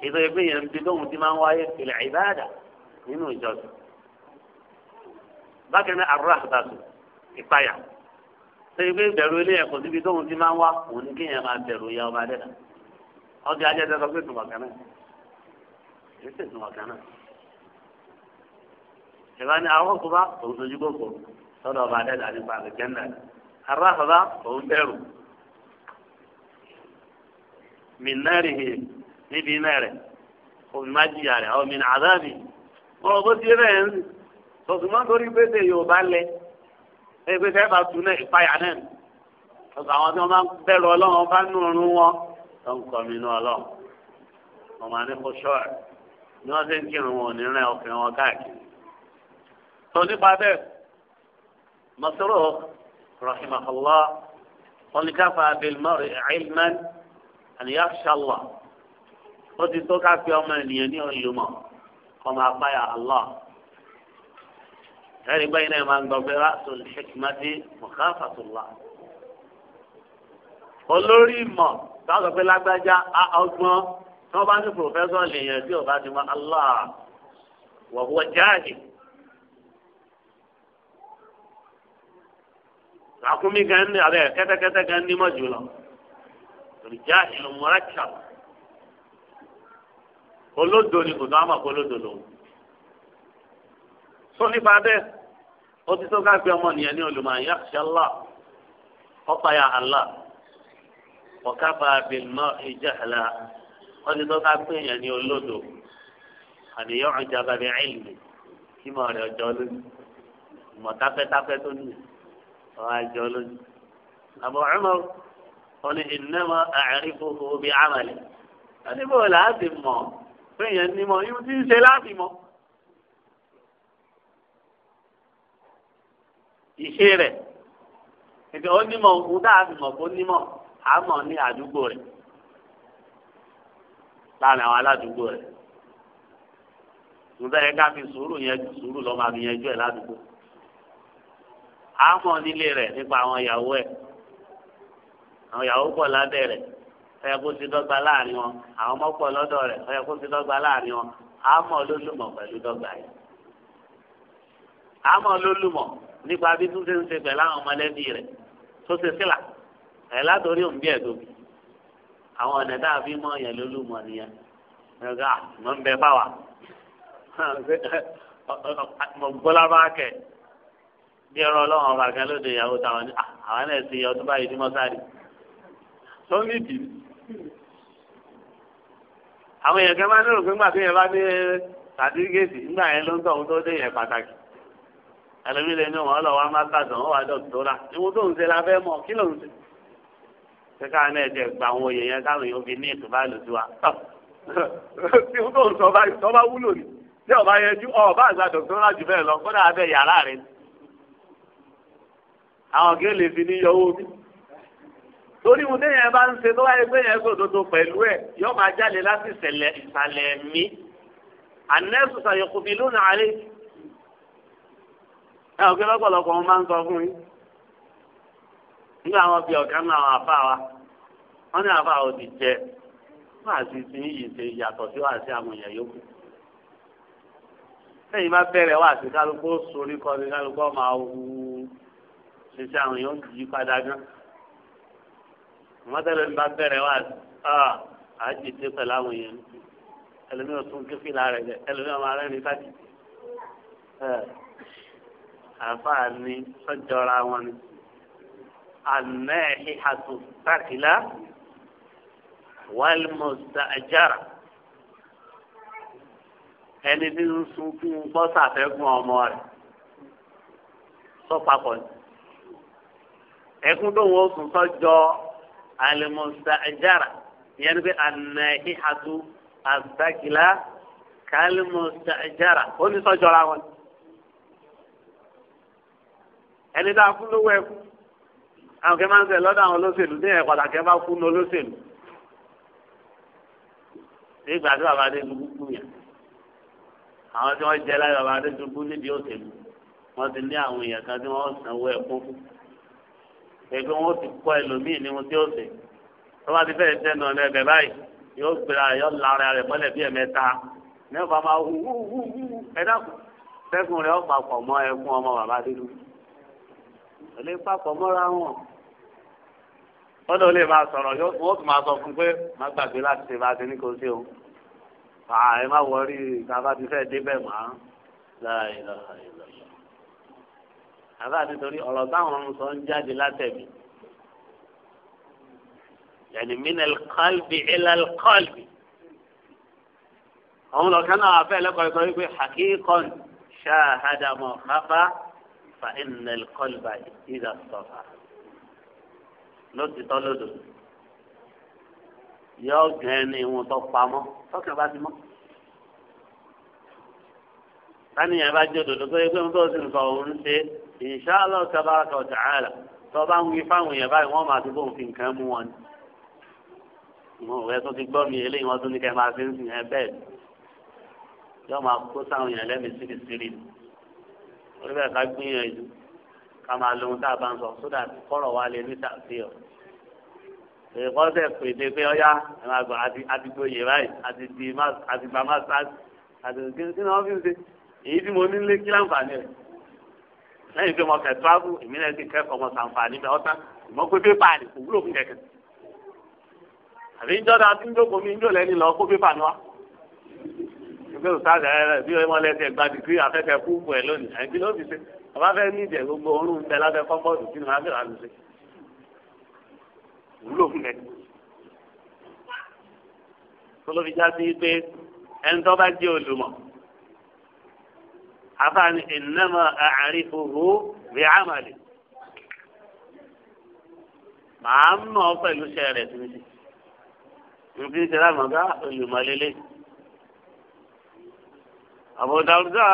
èyí tó yẹ pé yẹn ń bi lóhun tí máa ń wáyé ìlà ìbáàdà nínú ìjọsìn bákan náà àrùn àtàtù ìpayà tó yẹ pé bẹ̀rù ilé ẹ̀kọ́ síbi tóhun tí máa ń wá òun ní kéèyàn máa bẹ̀rù ìyá ọba dẹ́ta ọjà ajá dẹ́ta pé tùmọ̀ kan náà èyí sì tùmọ̀ kan náà ìbáni àwọn kò bá òun tó jí gbogbo lọ́dọ̀ ọba adẹ́dà nípa àlùjẹ́nà aráàlá òun bẹ̀rù mìnárì hì níbi iná rẹ̀ omi má jìyà rẹ̀ ọmọ ìnà àdáàbì wọn bó ti rẹ̀ ń sọ̀tùmọ́ torí pété yorùbá lẹ ẹgbẹ́ tẹ́ bá tu náà ìpayà náà ọ̀sọ̀ àwọn tí wọ́n bá bẹ̀rù ọlọ́run wọn bá nù ọ̀run wọn tó ń kọ́ mi nù ọlọ́run wọn máa ní kó ṣọ́ọ̀rì ni wọ́n ti ń kírun wọn ò ní rìn ọkùnrin wọn káàkiri. tó nípa bẹ́ẹ̀ مسروق رحمه الله قل كفى بالمرء علما أن يخشى الله قد توقع في يوم ينير اليوم كما قال الله هل بين من برأس الحكمة مخافة الله olórí ìmọ̀ táwọn pé lágbájá ọgbọ́n tí wọ́n bá ní pòfẹ́sọ̀ lèèyàn tí ò bá ti mọ allah wọ̀húwọ̀ jáde àkúmí gan ní abẹ́ kẹ́tẹ́kẹ́tẹ́ gan ní mọ́ jùlọ ìjà ìlú mọ́ràkà olódo ni kò tó àmọ̀ kó olódo lòun. sọ nípa bẹ́ẹ̀ ó ti tó ká gbé ọmọ nìyẹn ní olùmọ̀ àyà ṣẹlá ọ̀páyà àlá ọ̀káfà bìnnà ìjà àlá ó ti tó ká gbé yẹn ní olódo àníyàn ọjà bàbá ẹ̀yìn mi kí mọ̀ rẹ̀ ọjọ́ lónìí mọ̀ tápẹ́tápẹ́ tó nìyẹn. ọ̀hún àjọ lójú. àbọ̀ ọ̀rọ̀ wọn ni ìnáwó àrífò òbí àmàlẹ̀. wọ́n ní bọ́ọ̀lù láti mọ̀ pé èèyàn ní mọ̀ yóò ti ń ṣe láti mọ̀. ìṣe rẹ̀ ìgbà ó nímọ̀ òkú tá a fi mọ̀ kó nímọ̀ àmọ̀ ní fi suru yẹn ládùúgbò. àmọ́ nílé rẹ̀ nípa àwọn ìyàwó ẹ̀ àwọn ìyàwó pọ̀ lábẹ́ rẹ̀ ọ̀yẹ́ kó ti dọ́gba láàrin wọn àwọn ọmọ pọ̀ lọ́dọ̀ rẹ̀ ọ̀yẹ́ kó ti dọ́gba láàrin wọn àmọ́ lólùmọ̀ pẹ̀lú dọ́gba yìí àmọ́ lólùmọ̀ nípa bí tún ṣe ń ṣe pẹ̀lú àwọn ọmọlẹ́bí rẹ̀ tó ṣe sílà ẹ̀ látòrí òun bí ẹ̀dọ́bí àwọn ọ̀nà tá a fi mọ̀ yẹn lólùmọ̀ nìyẹn ẹ̀ka mọ̀ ń bẹ fáwa (laughs) mọ̀ gbọ́lá bá kẹ̀ bí ẹran ọlọ́run ọba kan lóde ìyàwó táwọn ní ah, àwọn náà ti ọdún báyìí ní mọ́sáàdì tó ní ìdí. àwọn èèyàn kan máa ń lérò pé ńgbà tó yẹn bá dé sàtífíkèsì ńgbà yẹn ló ń tọ̀hún tó dé yẹn pàtàkì. ẹlòmíì lè wọn lọ wá máa kàtàn wọn wá ìwọ tó ń ṣe la fẹ́ mọ̀ kí ló ń ṣe. ṣé káà náà jẹ gba àwọn òye káwọn èèyàn fi ní ìtùbá lò sí wa. ìwọ tó ń sọ bá wúlò ní àwọn kí ó lè fi ní yọwọ́ mi torí mo déyàn bá ń ṣe tó wáyé pé yẹn gbòdodo pẹ̀lú ẹ̀ yọ máa jáde láti ìṣẹ̀lẹ̀ ìsàlẹ̀ mi ànẹ́sù sàyọkù bíi lónà àárẹ̀ ẹ ò kí lọ́pọ̀lọpọ̀ wọn máa ń sọ fún yín nígbà wọn fi ọ̀gá nínú àwọn àfa wa wọn ní àfa ò ti jẹ wọn àti ti yìí ṣe yàtọ̀ sí wàásì àwọn yòókù lẹ́yìn bá bẹ̀rẹ̀ wàásì kálukú sórí kọ́ni kálukú máa wú ṣiṣẹ́ àwọn èèyàn yí padà gan. mọ́tẹ́lẹ̀ ń bá bẹ̀rẹ̀ wá á jì dé pẹ̀lú àwọn èèyàn ẹlòmíràn tún kí fìlà rẹ̀ jẹ ẹlòmíràn máa rẹ́rìn sáàtì. àfáà ni sọ́jọ́ra wọn ni àná ìhàtò sákìlá wàlmọ̀sá àjára ẹni tí ń sunkún gbọ́sàfẹ́gùn ọmọ rẹ̀ sọ́pàpọ̀ ni ẹkún tó wọ́n sùn tó jọ alimusa ajara yẹn pé anahi hatu asakila kalimusa ajara ó ní sọ́jọ́ra wọn. ẹni tá a fún lówó ẹkún àwọn kẹ́ máa ń sẹ lọ́dọ̀ àwọn olóṣèlú ní ẹ̀kọ́ta kẹ́ bá fún ní olóṣèlú. nígbà tí bàbá adé dùgbù kú yẹn àwọn tí wọ́n jẹ́ láyọ̀ bàbá adé dùgbù níbi òṣèlú wọ́n ti ní àwọn èèyàn kan tí wọ́n sanwó ẹ̀kún ẹgbẹ́ wọn ti kọ́ ẹlòmíì ní wọn tí ó sè tọ́ba ti fẹ́ẹ́ tẹnu ọ̀nà ẹ̀bẹ̀ báyìí yóò gbéra yọ lára rẹ̀ mọ́lẹ̀ bí ẹ̀mẹ́ta ní ọba máa hu hu hu ẹ̀dá sẹ́kùn rẹ̀ ọ̀pá pọ̀ mọ́ ẹkún ọmọ bàbá dídú òlé papọ̀ mọ́ra wọn ọ̀dọ̀ lè máa sọ̀rọ̀ yóò tún máa sọ fún pé má gbàgbé láti ṣe bá ní kò sí o àà ẹ má wọrí ìta bá ti fẹ́ débẹ̀ mọ́ á láàyè lọ́sàn-án àbá nítorí ọ̀rọ̀ táwọn ń sọ ń jáde látẹ̀mí yàní minel kọlbi ilal kọlbi àwọn lọ́kàn náà afẹ́ lẹ́kọ̀ọ́ sọ wípé hakíkọ́n ṣáàhádàmọ̀ káfá fa inel kọlba ìdá sọfà lótìtọ́ lódò yọ gẹ̀ ni wọn tó pamọ́ tọkàn bá ti mọ́ sani yẹn bá jẹ́ òdòdó pé pé wọn tó sì ń sọ òun ṣe insha Allah tabaraka wa ta'ala tó bá ń wí fáwọn èèyàn báyìí wọ́n máa ti bóun fi nǹkan mú wọn ni mo rẹ tó ti gbọ́ mi eléyìí wọ́n tún ní kẹ́ máa fi ń sìn ẹ bẹ́ẹ̀ yóò máa kó sáwọn èèyàn lẹ́mìí sírísírí ni orí bẹ́ẹ̀ ká gbìyànjú ká máa lo ohun tá a bá ń sọ sódà kọ́rọ̀ wa lè ní sàfihàn ìkọ́sẹ̀ pèsè pé ọ̀yá ẹ̀ máa gbọ́ àti gbòye báyìí àti di àti gbàmásá àti kí ni wọ́n fi ń ṣe èyí tí mo ní lé lẹ́yìn pé mo fẹ́ tíwájú èmi náà ti kẹ́kọ̀ọ́ mo sàǹfààní bẹ́ẹ̀ ọ̀tá ìmọ̀ pé pépà ni kò wúlò fún kẹ̀kẹ́. àbí jọ́dá tí ń jókòó mi ń jò lẹ́ni lọ kó pépà ni wá. ìgbé òsáàdà ẹ bí ọmọ lẹ́sẹ̀ gba dìgírì afẹ́fẹ́ kú bọ̀ ẹ̀ lónìí àìbí ló fi ṣe bàbá fẹ́ ní ìjẹ́ gbogbo oorun ni wọ́n á fẹ́ràn lù ṣe. wúlò fún kẹ̀kẹ́. tó ló fi já sí pé ẹni tó afaani ìnáma àárífòhó bí àmàlè màá mọ̀ ọ́ pẹ̀lú iṣẹ́ rẹ̀ tó ń ṣe nbí ń tẹ̀lé àmọ́gá olùmọ̀lélẹ́ Abu Darda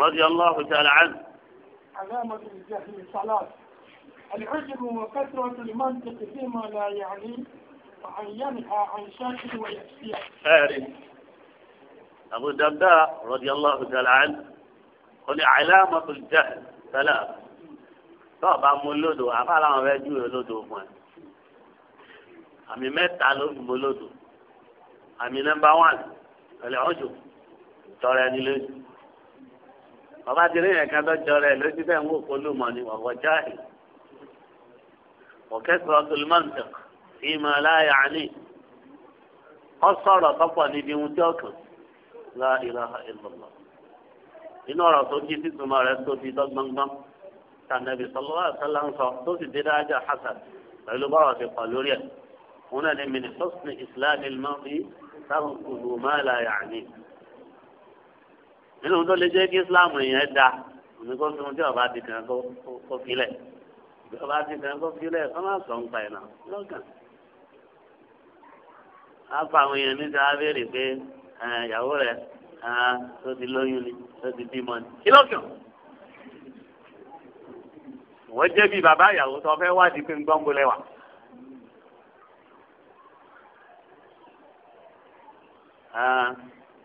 radiyallahu ta'ala anhu. علامة الجهل الصلاة العجب وكثرة المنطق فيما لا يعني وأن ينهى عن شيء ويكفيه. أبو الدرداء رضي الله تعالى عنه قال علامة الجهل ثلاث طبعا مولودو أقال عن رجو يولودو فان أمي مات على مولودو أمي نمبر وان العجب ترى يعني لوجو ọba ti rí ẹ̀ka tó jọ rẹ̀ lójú bẹ́ẹ̀ ń wò kólú mọ́ ni wọ̀wọ́ jáì ọ̀kẹ́sọ̀rọ̀ tòlímọ̀ǹtẹ̀ ìmọ̀ láyà ni la ilaha illallah inú ọ̀rọ̀ tó jí títúmọ̀ rẹ̀ tó di dọ́gbọ́ngbọ́n tànàbì sọlọ́wọ́ àtàlà ń sọ tó sì dé dájà hasan pẹ̀lú bọ́rọ̀ ti pọ̀ lórí ẹ̀ òun náà ni mini hosni islam ilmọ́fi táwọn kùlù máa la yà ní. nínú tó lè jẹ́ kí islam yẹn da òní kó fi mu tí ọba ti kàn kó filẹ̀ bí ọba ti kàn kó filẹ̀ wọ́n máa sọ nípa ẹ̀ náà lọ́kàn. á pa àwọn èèyàn níta á pé. Eh, ìyàwó rẹ̀ eh, tó ti lóyún ni tó ti bímọ ni kí lọ́kàn wọ́n jẹ́ bí bàbá ìyàwó tó fẹ́ wádìí pé ń gbọ́n bolẹ̀ wà.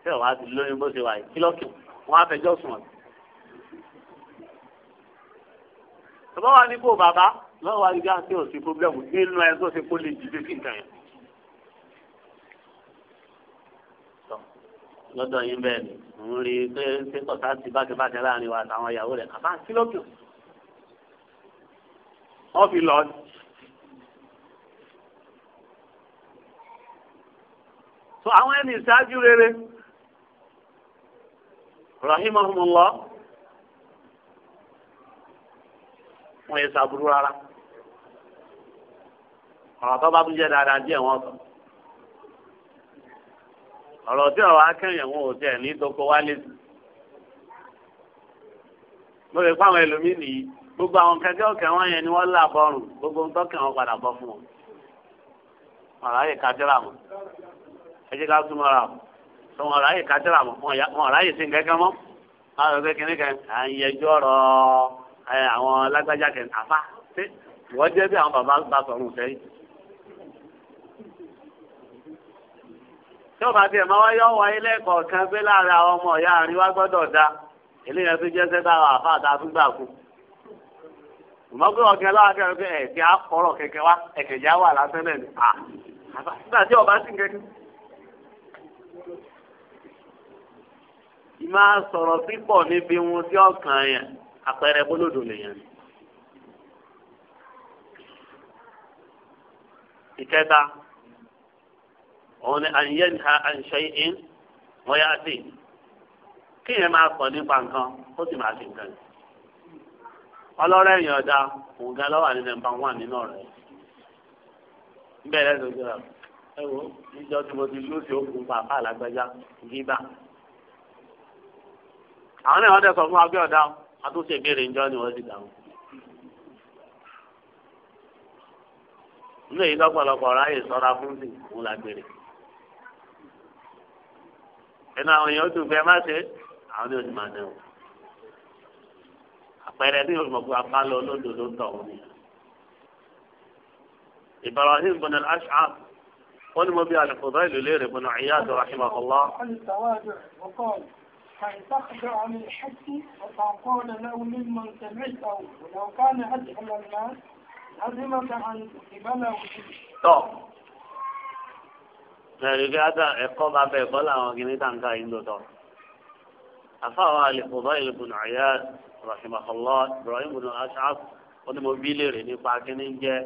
ṣé eh, wàá ti lóyún bó ṣe wà yìí kílọ́kì wọ́n á fẹjọ́ sùn ọ̀. bàbá wa ní kó bàbá lọ́wọ́ wa ní bí a ti ò sí pọ́blẹ́mù nínú ẹ tó ṣe kó lè jìbìtì nǹkan yẹn. lọ́dọ̀ yín bẹ́ẹ̀ ni òun rí i pé pé kọ̀tà ti bákẹ́bákẹ́ láàrin wa àtàwọn ìyàwó rẹ̀ kàfá kílókè wọ́n fi lọ. tó àwọn ẹni ìṣáájú rere rahimahumullah wọn yẹ sàbúrú rárá ọ̀rọ̀ tó bá tún dáadáa díẹ̀ wọ́n sọ ọ̀rọ̀ tí ọ̀rọ̀ akẹ́yìn wọn ò ní dọ́kọ wálé sí. mo lè fáwọn ẹlòmíì nìyí gbogbo àwọn kẹ̀kẹ́ ọ̀kẹ́ wọn yẹn ni wọ́n là bọ́rùn gbogbo ń tọ́kẹ́ wọn padà bọ́ fún wọn. ọ̀rọ̀ ayé kájọ́ra mọ́ ẹ jẹ́ ká súnmọ́ ra mọ́ ọ̀rọ̀ ayé kájọ́ra mọ́ wọn ọ̀rọ̀ ayé sí kẹ́kẹ́ mọ́ àwọn ọ̀gbẹ́ kìnní kan à ń yẹjọ́ ọ̀rọ̀ àwọn lágbájá kẹ̀ àfa wọ́n jẹ́ bí àwọn bàbá bá sọ̀rọ̀ sẹ́yìn. tí ọ bá tiẹ̀ máa wáyé ọ̀wọ́ ilé ẹ̀kọ́ kan gbé láàrin àwọn ọmọ ọ̀yá àríwá gbọ́dọ̀ da eléyẹn tó jẹ́ sẹ́ta àwọn àfa àti àtúgbà kú. pé ọ̀gá pé wá wà lásán náà ni nígbà tí ọba sì kẹ́kẹ́. pípọ̀ níbi tí ọkàn yẹn àpẹẹrẹ bólódò òun ni àyẹ̀ni ha àǹṣe in wọ́n yá sí kéèyàn máa sọ nípa nǹkan ó sì máa ṣe nǹkan ọlọ́rọ̀ ẹ̀yìn ọ̀dà òun gan lọ́wọ́ àní nọ́mbà wà nínú ọ̀rẹ́ bẹ́ẹ̀ lẹ́sọ̀ jọra ẹ wo tí mo ti òkun àwọn fún ọ̀dà àtúnṣe ìbéèrè ni wọ́n ti nínú èyí lọ́pọ̀lọpọ̀ ráyè sọ́ra fún sí òun ẹnu àwọn èèyàn tó fẹ́ má ṣe àwọn yóò ti máa dẹ̀ wọ́n. àpẹẹrẹ tí yóò mọ̀ pé apá lọ lódò ló tọ̀ wọ́n. Ibrahim bin al-Ash'ab wọ́n ní mo bí al-Fudayl ìlú léèrè bin Iyad rahimahullah. كي تخضع للحق ولو كان أجهل الناس عزمك أن تقبله ẹ̀rìgẹ́ ata ẹ̀kọ́ bá bẹ̀ ẹ̀kọ́ làwọn kìíní tàǹkà yìí ń lòtọ́. àfàwọn àlèkùnbá ìlẹ̀kùn àyà rahimahullah ibrahim bin ashaf onímọ̀bílì rẹ̀ nípa kìíní jẹ́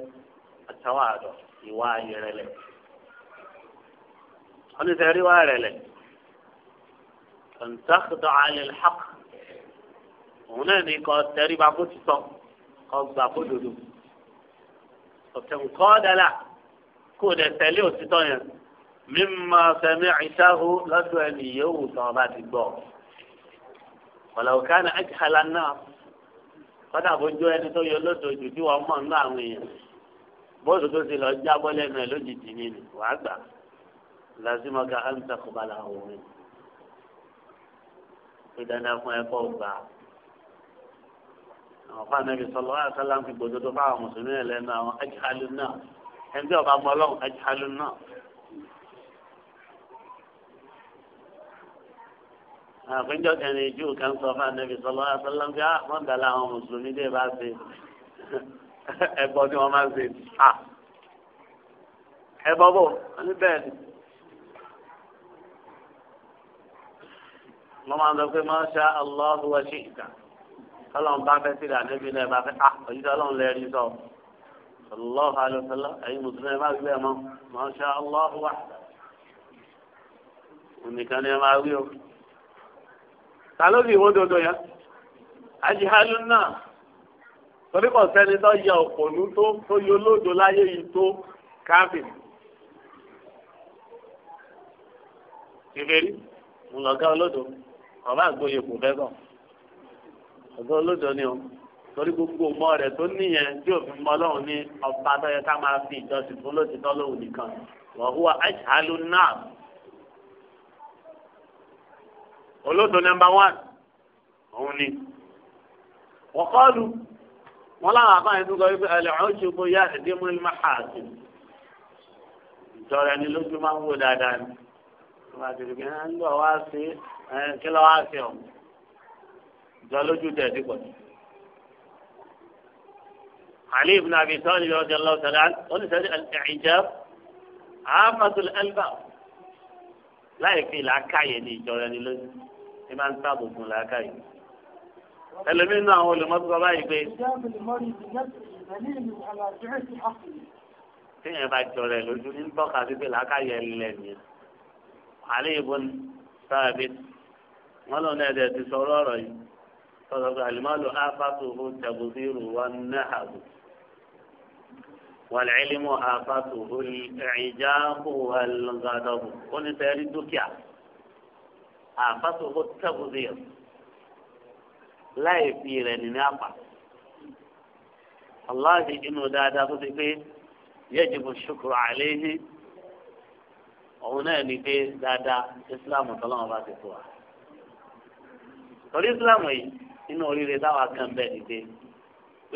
àtàwọn àdọ̀ ìwà ìrẹ̀lẹ̀. oníṣẹ́ rí wá ìrẹ̀lẹ̀. ǹtàkùtọ̀ àlè hàk òun náà ní kọ́ tẹríba kó ti tọ́ kọ́ gbà kó dodo. ọ̀tẹ̀ nǹkan dala kó o dẹ̀ tẹ̀lé òtítọ́ yẹn mímọ sẹmí ìṣáhu lọ́dọ̀ ẹni yòówù tán ọba ti gbọ́ ọlọ́ọ̀ká ni àjàlá náà kọ́dà bójú ẹni tó yọ lódòdó tí wọ́n mọ̀ nínú àwọn èèyàn bóòlù tó ti lọ jábọ́ lẹ́nu ẹ̀ lójijì ni wàá gbà lásìmọ́gà àǹtakùbalà òun ìdáná fún ẹ̀kọ́ gbà àwọn fún anabi sọlọ wà sálàm gbòdodo fún mùsùlùmí ẹ̀ àwọn ajahalu náà ẹni ọba gbọ́ lọ́wọ́ náà. àpéjọ kẹrin jù kan sọ fún anabi sọlọ asọlọm bí wọn dàlá àwọn mùsùlùmí dé bá ṣe (laughs) ẹbọ ni wọn máa ṣe à ẹbọ bò níbẹ̀ ni wọn máa ń sọ pé máa ṣá aláwọ wá sí ìta kọlọm bá fẹ́ sílẹ̀ anabi náà bá fẹ́ à ah, òyìnbó Ọlọ́run lẹẹrí sọ sọlọ alọsọlọ ẹyin mùsùlùmí bá gbé ẹ mọ máa ṣá aláwọ wá nìkan ta ló fi wọ́n dodo yẹn àjìhálù náà torí kò sẹ́ni tó yẹ òpònú tó tó yọ lódo láyé yìí tó káfíìn. ìfèrí ńlọgá olódo ọba àgbóyè kò fẹ́ kàn ọ̀gá olódo ni o torí gbogbo ọmọ rẹ̀ tó níyẹn tí òfin mọ lọ́hùn ní ọba tó yẹ ká máa fi ìjọsìn fún lóṣìṣẹ́ lóhùn nìkan wọ́n hùwà àjìhálù olóòtú nọmba wán òun ni wọ́n kọ́ọ̀lù wọ́n láwọn àbáyé tó sọ wípé ẹlẹ́ ọ̀hún ṣe kó yá ẹ̀dínmú ní mahasi ìjọra ẹni lójú máa ń wò dáadáa ni wọ́n á ti rí ń lọ wá sí ẹ̀ kí lọ́ wá sí ọ̀ ìjọ lójú tẹ̀ dípò. علي بن أبي طالب رضي الله تعالى عنه قلت الإعجاب عامة الألباب لا fi làákàyè ní ìjọra ẹni ẹ máa ń sáàbò fún làákà yìí ẹlẹ́mìí náà àwọn olùmọ́tò báyìí pé téèyàn bá jọrọ ẹ lójú ní tọ́ka sí pé làákà yẹ lẹ́nu àlẹ́ ìbò ní sáàbì wọn lọ ní ẹ̀dẹ̀ ti sọ̀rọ̀ ọ̀rọ̀ yìí tọ́lọ́ pé àlùmọ́lù áfàtò ó tẹ̀bù sí ìrù wọn náà wàlẹ́ ìlímọ̀ áfàtò ó ìjáàbò wàlúgàdọ́bù ó ní sẹ́rí dúkìá àfàsòwò tẹ́gùdìyàn láì fi rẹ̀ nínú àpà aláàbí inú dáadáa tó ti pé yẹ́jìbù ṣùkúrù àléhìn òun náà ní pé dáadáa ìsìláàmù tọ́lọ́mù bá ti tó wa torí ìsìláàmù yìí inú oríire táwa kan bẹ́ẹ̀ ni pé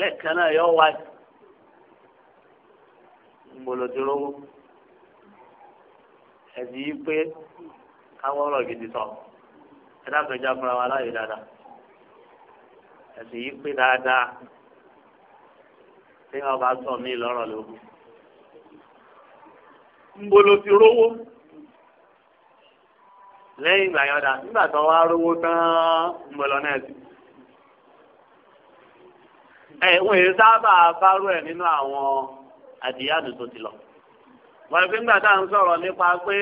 lẹ́ẹ̀kan náà yọ wá mbolodorowo ẹ̀sìn yìí pé káwọn ọ̀rọ̀ gidi sọ ẹ dábẹjá fúnra wa láàyè dáadáa ẹsìn yìí pé dáadáa tí wọn bá sọ mí lọ́rọ̀ lóko ńbolo ti rówó lẹ́yìn ìgbà yọ̀dà nígbà tó wá rówó tán ńbolo náà sí ẹ̀wọ̀n èyí sábà bárò ẹ̀ nínú àwọn àdìyàdù tó ti lọ. wọ́n fi ń gbà tá à ń sọ̀rọ̀ nípa pé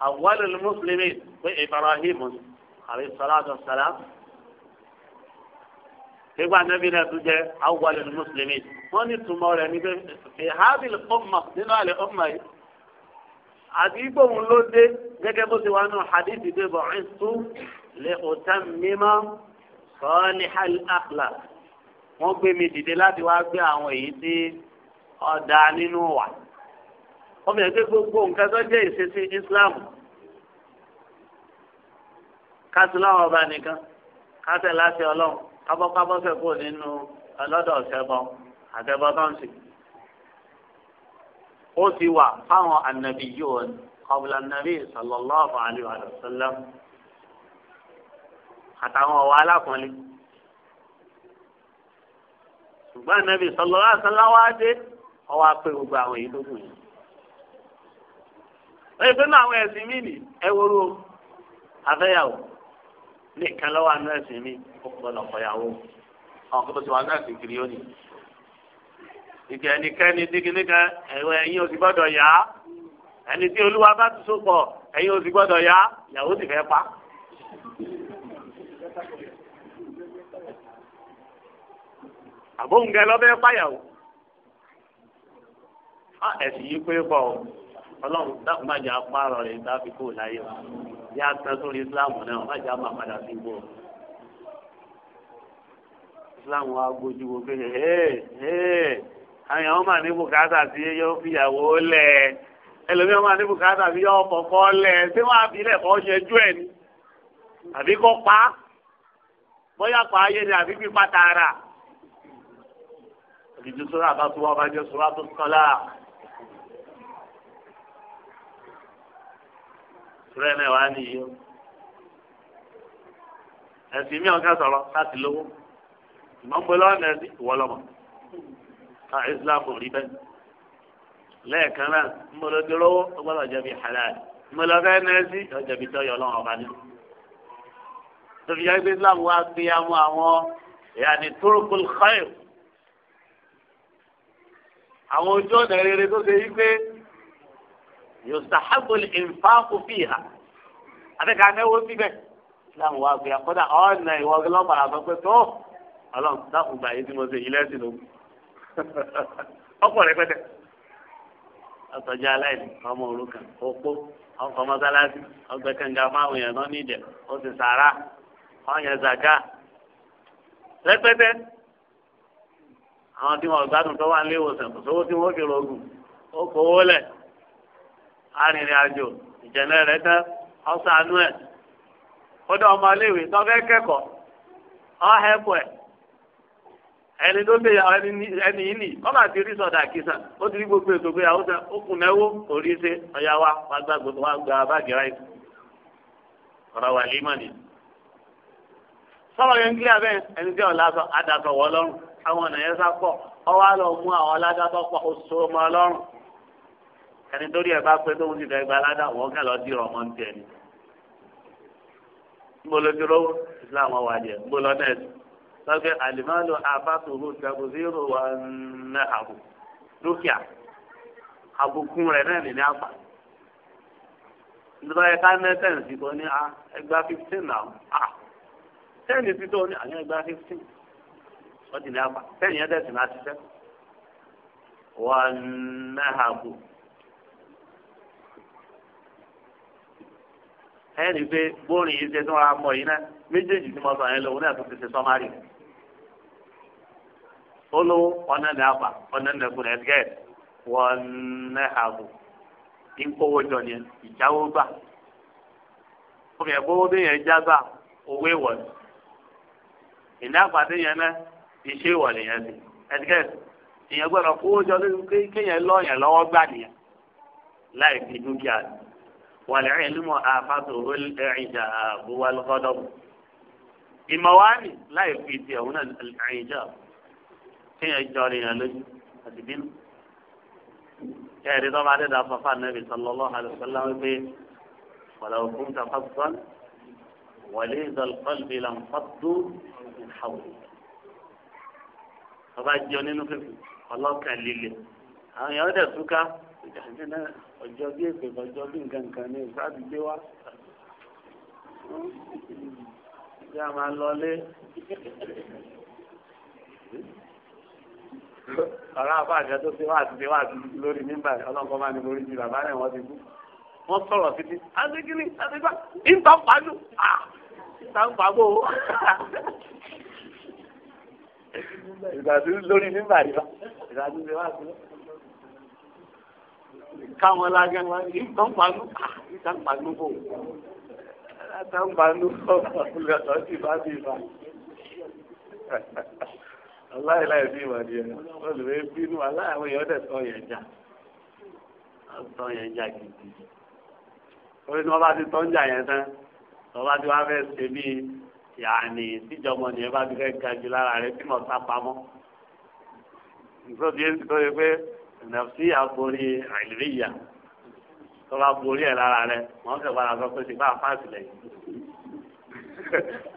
awalul muslimin pé ibrahim alayhi salatu wa salam nígbà nàbí náà tún jẹ awalul muslimin wọn ní túmọ̀ rẹ̀ ní pé fi habil umma nínú àlẹ umma yìí àti ìgbóhùn ló dé gẹ́gẹ́ bó ti wà nù hadith ìdè bu'istu li utammima salihal akhlaq wọn gbé mi dìde láti wá gbé àwọn èyí tí ọ̀dà nínú wà ọmọ ẹgbẹ́ gbogbo nǹkan tó jẹ́ ìṣesí islam kásìláwọ̀ ọba nìkan kásẹ̀ láti ọlọ́run kábọ́kábọ́sẹ̀ kúrò nínú ọlọ́dọ̀ ọ̀sẹ̀bọ àtẹ̀bọ tó ń sè. ó ti wà fáwọn ànàbì yìí wọn kọ̀bùlà nàbì sallallahu alaihi wa sallam àtàwọn ọ̀wọ́ alákùnrin ṣùgbọ́n ànàbì sallallahu alaihi wa sallam gbogbo àwọn èyí tó kù yìí. oye pé náà àwọn ẹ̀sìn mi nì ẹ wúru afẹ́yàwó nìkan lọ́wọ́ àánú ẹ̀sìn mi ó gbọ́dọ̀ kọ̀yàwó àwọn tó ti wà náà sì kiri ó ìgbà ẹnikẹ́ni dígínníkan ẹ̀wọ̀ ẹ̀yin ò sì gbọ́dọ̀ yá ẹni tí olúwa bá ti so pọ̀ ẹ̀yin ò sì gbọ́dọ̀ pa. pàyàwó ẹ̀sìn yìí ọlọ́run dákun má jẹ́ apárọ̀ rẹ̀ tá a fi kó láyé wa yá tán sórí islam náà má jẹ́ àmà padà sí ibò islam wa gbójú wo pé àyàn ọmọ ní bùkátà sí yóò fìyàwó lẹ̀ ẹlòmíì ọmọ ní bùkátà sí yóò kọ̀kọ́ lẹ̀ ṣé wọ́n á fi ilẹ̀ kọ́ yẹjú ẹ̀ ni àbí kọ́ pa bóyá pa ayé ni àbí pípa tààrà. Ìdí sọ́ra bá tún wá bá jẹ́ sọ́ra tó sọ́lá. rẹ náà wà nìyí o ẹsìn mi ọ̀gá sọ̀rọ̀ láti lówó ìmọ̀nbọ̀lọ́ ọ̀nà ẹ̀sìn ìwọlọ́mọ̀ ká islam rí bẹ́ẹ̀ lẹ́ẹ̀kan náà ńbọ̀lọ́ ti lówó ọgbọ́dọ̀ jẹ́ bí halal ńbọ̀lọ́ fẹ́ náà sí ọjọ́ bí tọ́yọ̀ ọlọ́run ọba nínú. tóbi yá gbé islam wá gbé amú àwọn ìyàní turukul khair àwọn ojú ọ̀nà rere tó ṣe yí pé. yustahabu al-infaqu fiha àtẹ̀ká náwó síbẹ̀ a wá gbé akọ́dà ọ̀nà ìwọ ọlọ́pàá sọ pé tó ọlọ́run dákun gbà yìí tí mo ṣe yìí lẹ́sìn ló ọ̀pọ̀ rẹpẹtẹ ọtọjá aláìní ọmọ òrukàn opó ọkọ mọ́sálásí ọgbẹ́kànga fáwọn èèyàn náà nídẹ̀ ó arìnrìn àjò ìjẹ̀lẹ̀ rẹ̀ tán ọ̀sán àánú ẹ̀ kódà ọmọ iléèwé tó fẹ́ kẹ́kọ̀ọ́ ọ̀ hẹ́pọ̀ ẹ̀ ẹni tó lè ẹni yìí nì ọmọ àti rí sọ̀dà kìsà ó ti rí gbogbo ètò okùn náwó ṣe wa gba gba báàgì wà ni. yẹn ń ẹni tí sọ àwọn ọ̀nà ọ mú àwọn pọ̀ oṣù ẹni torí ẹ bá pé tóun ti fẹ́ gba aládà wọ́n kẹ́ lọ dìrọ̀ ọmọ nìkẹ́ ni. nbolo dúró islam wà jẹ nbolo nẹẹsì lọ́kẹ́ alimalu abatuhu sabuziru wa nahabu dúkìá àbùkún rẹ̀ náà nìyẹn àpà. nítorí ẹ̀ka nẹ́tẹ̀ǹsì kan ní ẹgbà fifteen náà a tẹ́ẹ̀nì títọ́ ní àyẹ̀ ẹgbà fifteen wọ́n ti ní àpà tẹ́ẹ̀nì yẹn tẹ̀sí náà ṣiṣẹ́ wọ́n nahabu. ẹni pé bórin yìí ṣe tí wọn á mọ yìí náà méjèèjì tí mo sọ yẹn lòun náà tó ti ṣe sọmárì ó ló ọ̀nà nàbà ọ̀nà nàbùn ẹ̀gẹ́ wọn náà àbò ìkówó jọ ni ìjáwó gbà omi ẹ̀kówó bí yẹn já gbà owó ìwọ̀lù ìnáàpá tí yẹn náà iṣẹ́ ìwọ̀lù yẹn ti ẹ̀gẹ́ ìyẹn gbọ́dọ̀ kówó jọ lórí kéèyàn lọ́ọ̀yàn lọ́wọ́ gbà nìyẹn láì fi dúkìá ni. والعلم آفته الإعجاب والغضب المواني لا يفيد هنا الإعجاب هي إجارية لجي أتبين يعرض على ذلك فقال النبي صلى الله عليه وسلم فيه ولو كنت فظا وليد القلب لانفضوا من حولك فبعد جونين فيه الله كان لله أنا يودع سكه ìdájọ́ náà ọjọ́ bí èpè ọjọ́ bí nǹkan kan ní ìsáàbí gbé wá bí a máa lọlé ọ̀rọ̀ àbájá tó ti wá àti ti wá àti lórí nígbà ọlọ́nkọ́ máa ní orí ju bàbá rẹ̀ wọ́n ti kú wọ́n sọ̀rọ̀ títí adégiri adégbà ìta pàdù ìta pàgbò ìgbà tí lórí nígbà yìí wá ìgbà tí ti wá àti lórí káwọn lágẹ́ wọn ìtàn pàánù ìtàn pàánù bò ìtàn pàánù bò lọ́sọ̀ sí bá bí bá. aláìláì bí ìwà ni ẹ olùwé bínú aláìwé yẹn ọdẹ sọ yẹn jà sọ yẹn jà gidi orí ni wọn bá ti tọ́ ń jà yẹn tán wọn bá ti wá fẹ́ ṣe bíi yàní tíjọmọ nìyẹn bá ti fẹ́ ga jù lára rẹ tí mo sá pamọ́ nítorí pé nàfsí àborí àìlèyà tó bá borí ẹ̀ lára rẹ wọ́n fẹ́ padà sọ pé ti bá a fáàsì (laughs)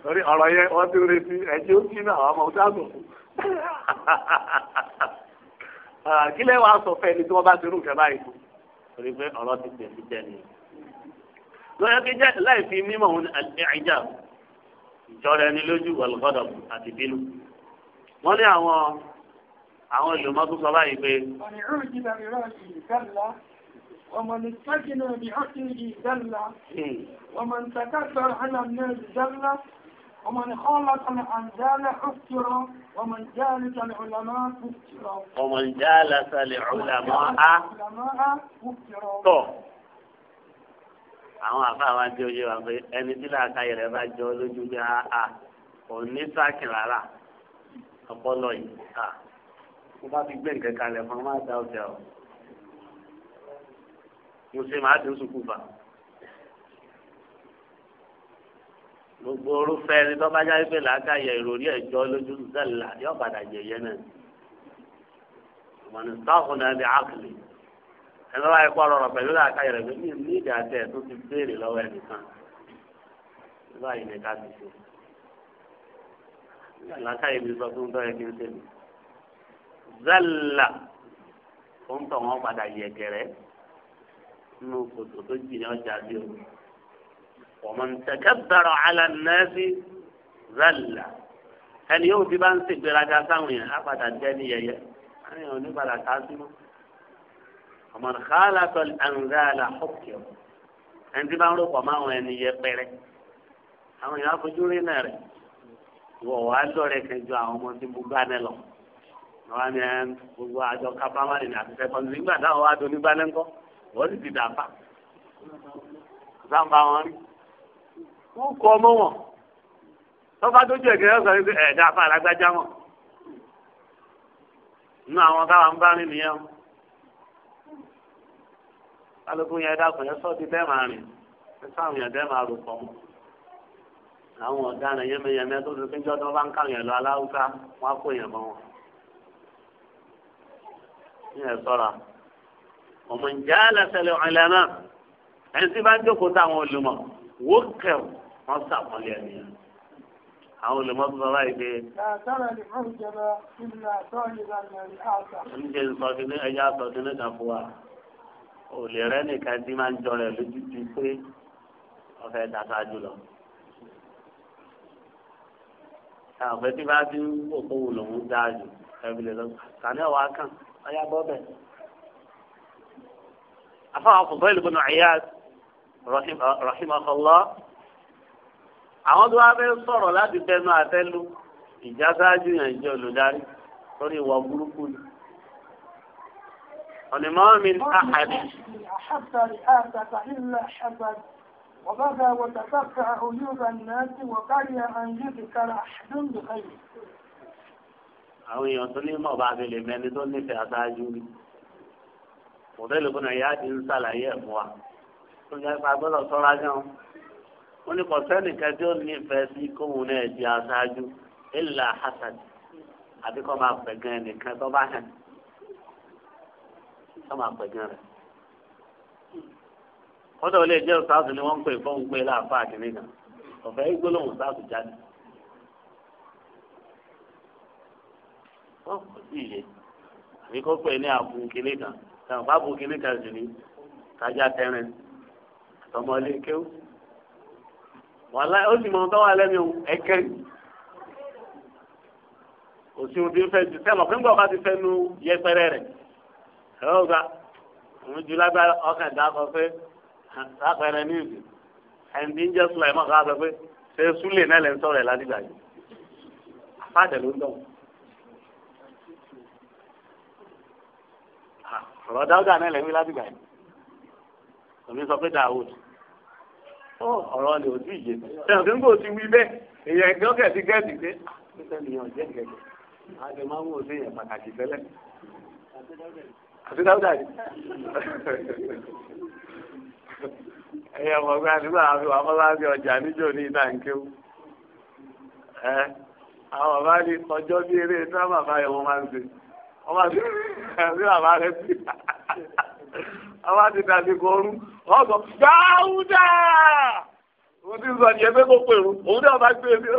torí ọ̀rọ̀ yẹn wọ́n ti retí ẹ̀jẹ̀ ó kí náà ọmọ ọ̀dọ́ àgbò. (laughs) Ah, kí lẹ́ wàá sọ fẹ́ ni tí wọ́n bá ti rú nǹkan báyìí fún torí pé ọ̀rọ̀ ti tẹ̀ sí jẹ́ ni. lọ́yọ́ kí jẹ́ láì fi mímọ̀ òun àìjà ìjọra ẹni lójú wàlúkọ́dọ̀ àti bínú. wọ́n ní àwọn àwọn olùmọ̀ tó sọ báyìí pé. ومن استجن بعقله دل ومن تكبر على الناس ومن خالط الأنزال حفر ومن جالس العلماء حفر ومن جالس العلماء حفر àwọn àfa wa jẹ oyè wa pé ẹni tí làákà yẹ rẹ bá jọ lójú bí a òun ní sákì ọpọlọ yìí ká tó bá ti gbé nǹkan kalẹ̀ fún ọmọ àdá ọjà o mo ṣe máa dín sùkú fà gbogbo orúfẹ́ ẹni tó bá já wípé làákàyè ìròrí ẹ̀jọ́ lójú sẹ́lá yóò padà yẹ̀yẹ́ náà mọ̀nì sáfún náà bí ákìlì ẹni tó bá yẹ kó ọ̀rọ̀ pẹ̀lú làákàyè rẹ̀ ní ìdí àtẹ̀ tó ti béèrè lọ́wọ́ ẹnìkan báyìí ni ká ti ṣe làákàyè mi sọ fún tọ́yẹ kí n ṣe mi zálà ó ń tọ̀ wọ́n padà yẹ̀gẹ̀rẹ́ nínú kòtò tó jìnnà ọjà bí o ọmọ nìtẹ̀kẹ́ bẹ̀rọ̀ alẹ́ nẹ́ẹ̀sì zálà ẹni yóò fi bá ń ṣègbéraga sáwọn yẹn á padà dẹ́ ní yẹyẹ àwọn yẹn ò ní padà ká sí mọ́ ọmọ nìkàlà tó ànzálà ọ̀kẹ́ ẹni tí bá ń rò pọ̀ máwọn ẹni yẹ pẹ́rẹ́ àwọn yẹn á fojú rí náà rẹ̀ wọ̀ wá lọ́rẹ̀ kẹjọ àwọn ọmọ tí mo gbá náà lọ wọn ni gbogbo àjọ kápámánì ní àti sẹkọndìrì nígbà táwọn wá do nígbà lẹ́ńkọ́ wọ́n sì ti dàpá sáǹbà wọn wọ́n kọ́ ọmọ wọn tọ́ba tó jẹ́ ìkẹyọ́ sọ wípé ẹ̀ẹ́dá afá alágbájá wọn nínú àwọn káwọn ń bá rìn nìyẹn kálukú yẹn dákun yẹn sọ́ọ́ ti bẹ́ẹ̀ máa rìn ẹ sáwọn yẹn bẹ́ẹ̀ máa rò pọ̀ mọ́ àwọn ọ̀daràn yẹmẹyẹmẹ tó ti fi jọ́dún bá ń káwọn yẹn lọ aláwùsá wọn á kó yẹn mọ́ wọn ìyẹn sọ́ra ọmọ ìjà alásẹ̀lẹ̀ ọ̀lẹ́ náà ẹni tí bá ń jókòó táwọn olùmọ̀ wó kẹ̀ wọ́n sàpọ̀lẹ̀ ẹni yẹn àwọn olùmọ̀ tó sọ báyìí pé. oúnjẹ ìsọdínlẹ̀ ẹja sọdínlẹ̀ kan fún wa olè rẹ nìkan tí máa ń jọrẹ lójú ti pé ọ̀fẹ́ dàtà jùlọ àwọn ọ̀fẹ́ tí bá ti ń wò kó wò lòún dáa jù ẹ̀bí lè lọ kàní ọ̀wá kàn ọ̀yà bọ́bẹ̀. àfọwọ́n Fudail ibn Iyad rahimahullah àwọn tó wá fẹ́ sọ̀rọ̀ láti tẹnu àtẹ́lu ìjà sáájú yẹn jẹ́ olùdarí lórí ìwà burúkú ni. ọ̀nìmọ́ mi ní àhàdì. وبدا وتتبع عيوب الناس وكره ان يذكر احد بخير àwọn èèyàn tó ní mọ̀ bá fi lè mẹ́ni tó nífẹ̀ẹ́ aṣáájú rí mọ̀tẹ́lì fúnra ìyá ti ń ṣàlàyé ẹ̀ fún wa tó ń jẹ́ pé agbọ́dọ̀ sọ́ra gan ó ní kò sẹ́nìkan tí ó nífẹ̀ẹ́ sí kóhun náà di aṣáájú ìlà hasad àbí kọ́ máa pẹ̀gàn ẹnìkan tó bá hàn kọ́ máa pẹ̀gàn rẹ̀ kọ́dọ̀ ilé ìjẹ́ òṣàṣù ni wọ́n ń pè fóun pé láàfáà kìnìkan ọ̀fẹ́ gbólóhùn ó sì yé èyí kó pè ní àbù kìnní kan tàbí àbù kìnní kan sì ní kájà tẹrin àtọmọlé kéwù wàhálà ó sì mọ ohun tó wà lẹ́nu ẹ̀kẹ́ kò sí ohun tí ń fẹ́ ju sẹ́mọ̀ pé ń gbọ́ bá ti fẹ́ nu yẹpẹrẹ rẹ̀ ẹ̀rọ ọ̀gá òun ju lágbára ọkàn dákọ pé lápẹẹrẹ ní ìlú ẹni tí ń jẹ́ sùlẹ̀ mọ̀ ká sọ pé ṣé súlẹ̀ náà lẹ́ ń sọ̀rọ̀ ẹ̀ ládìgbà yìí àfáàdẹ̀ ló ń dọ̀wọ́. ọ̀rọ̀ dáúdà náà lẹ́wí látìgbà yìí òní sọ pé Dawud ọ̀rọ̀ ni ò tí ì yé mi ẹ̀ ọ̀gá ń gbò ti wí bẹ́ẹ̀ èèyàn gọ́kẹ̀ ti gẹ́ẹ̀tì pé nítorí èèyàn jẹ́ gẹ́gẹ́ àti máa ń wò sí èèyàn pàtàkì tẹ́lẹ̀ àti dáúdà yìí ẹ̀yà ọ̀gbọ́n àdúgbò àwọn afọlábí ọjà níjò ní ìta nkéwù ẹ̀ àwọn bá ní ọjọ́ bí eré sábà báyọ̀ wọn máa ń ṣe ọba ti ẹbí bàbá rẹ ti ọba ti dàbí kọrú ọsọ dáúdà mo ti sọ yẹn pé kó pèrú òun náà bá gbé mi e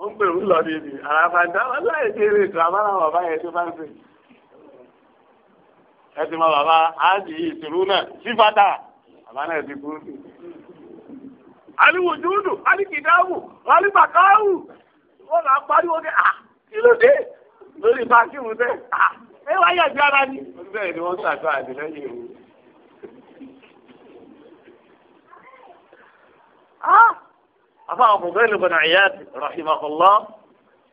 ó ń pèrú lọ ní ibi àràfàdà láì ṣe eré ètò àbára bàbá yẹn tó bá ń sè ẹ ti mọ bàbá áàdì ìṣòro náà sífàtà bàbá náà ti kú sí aliwujudu alikidawu alibakawu wọn là ń pariwo ní à ah, kí lórí fásitì bẹ́ẹ̀ ah, ẹ wá yàgbé ara ni. bẹ́ẹ̀ ni wọ́n ṣàtọ́ àdìlẹ́yìn òun. afa ọkùnrin ìlú bọ̀nà Iyad rahimahullah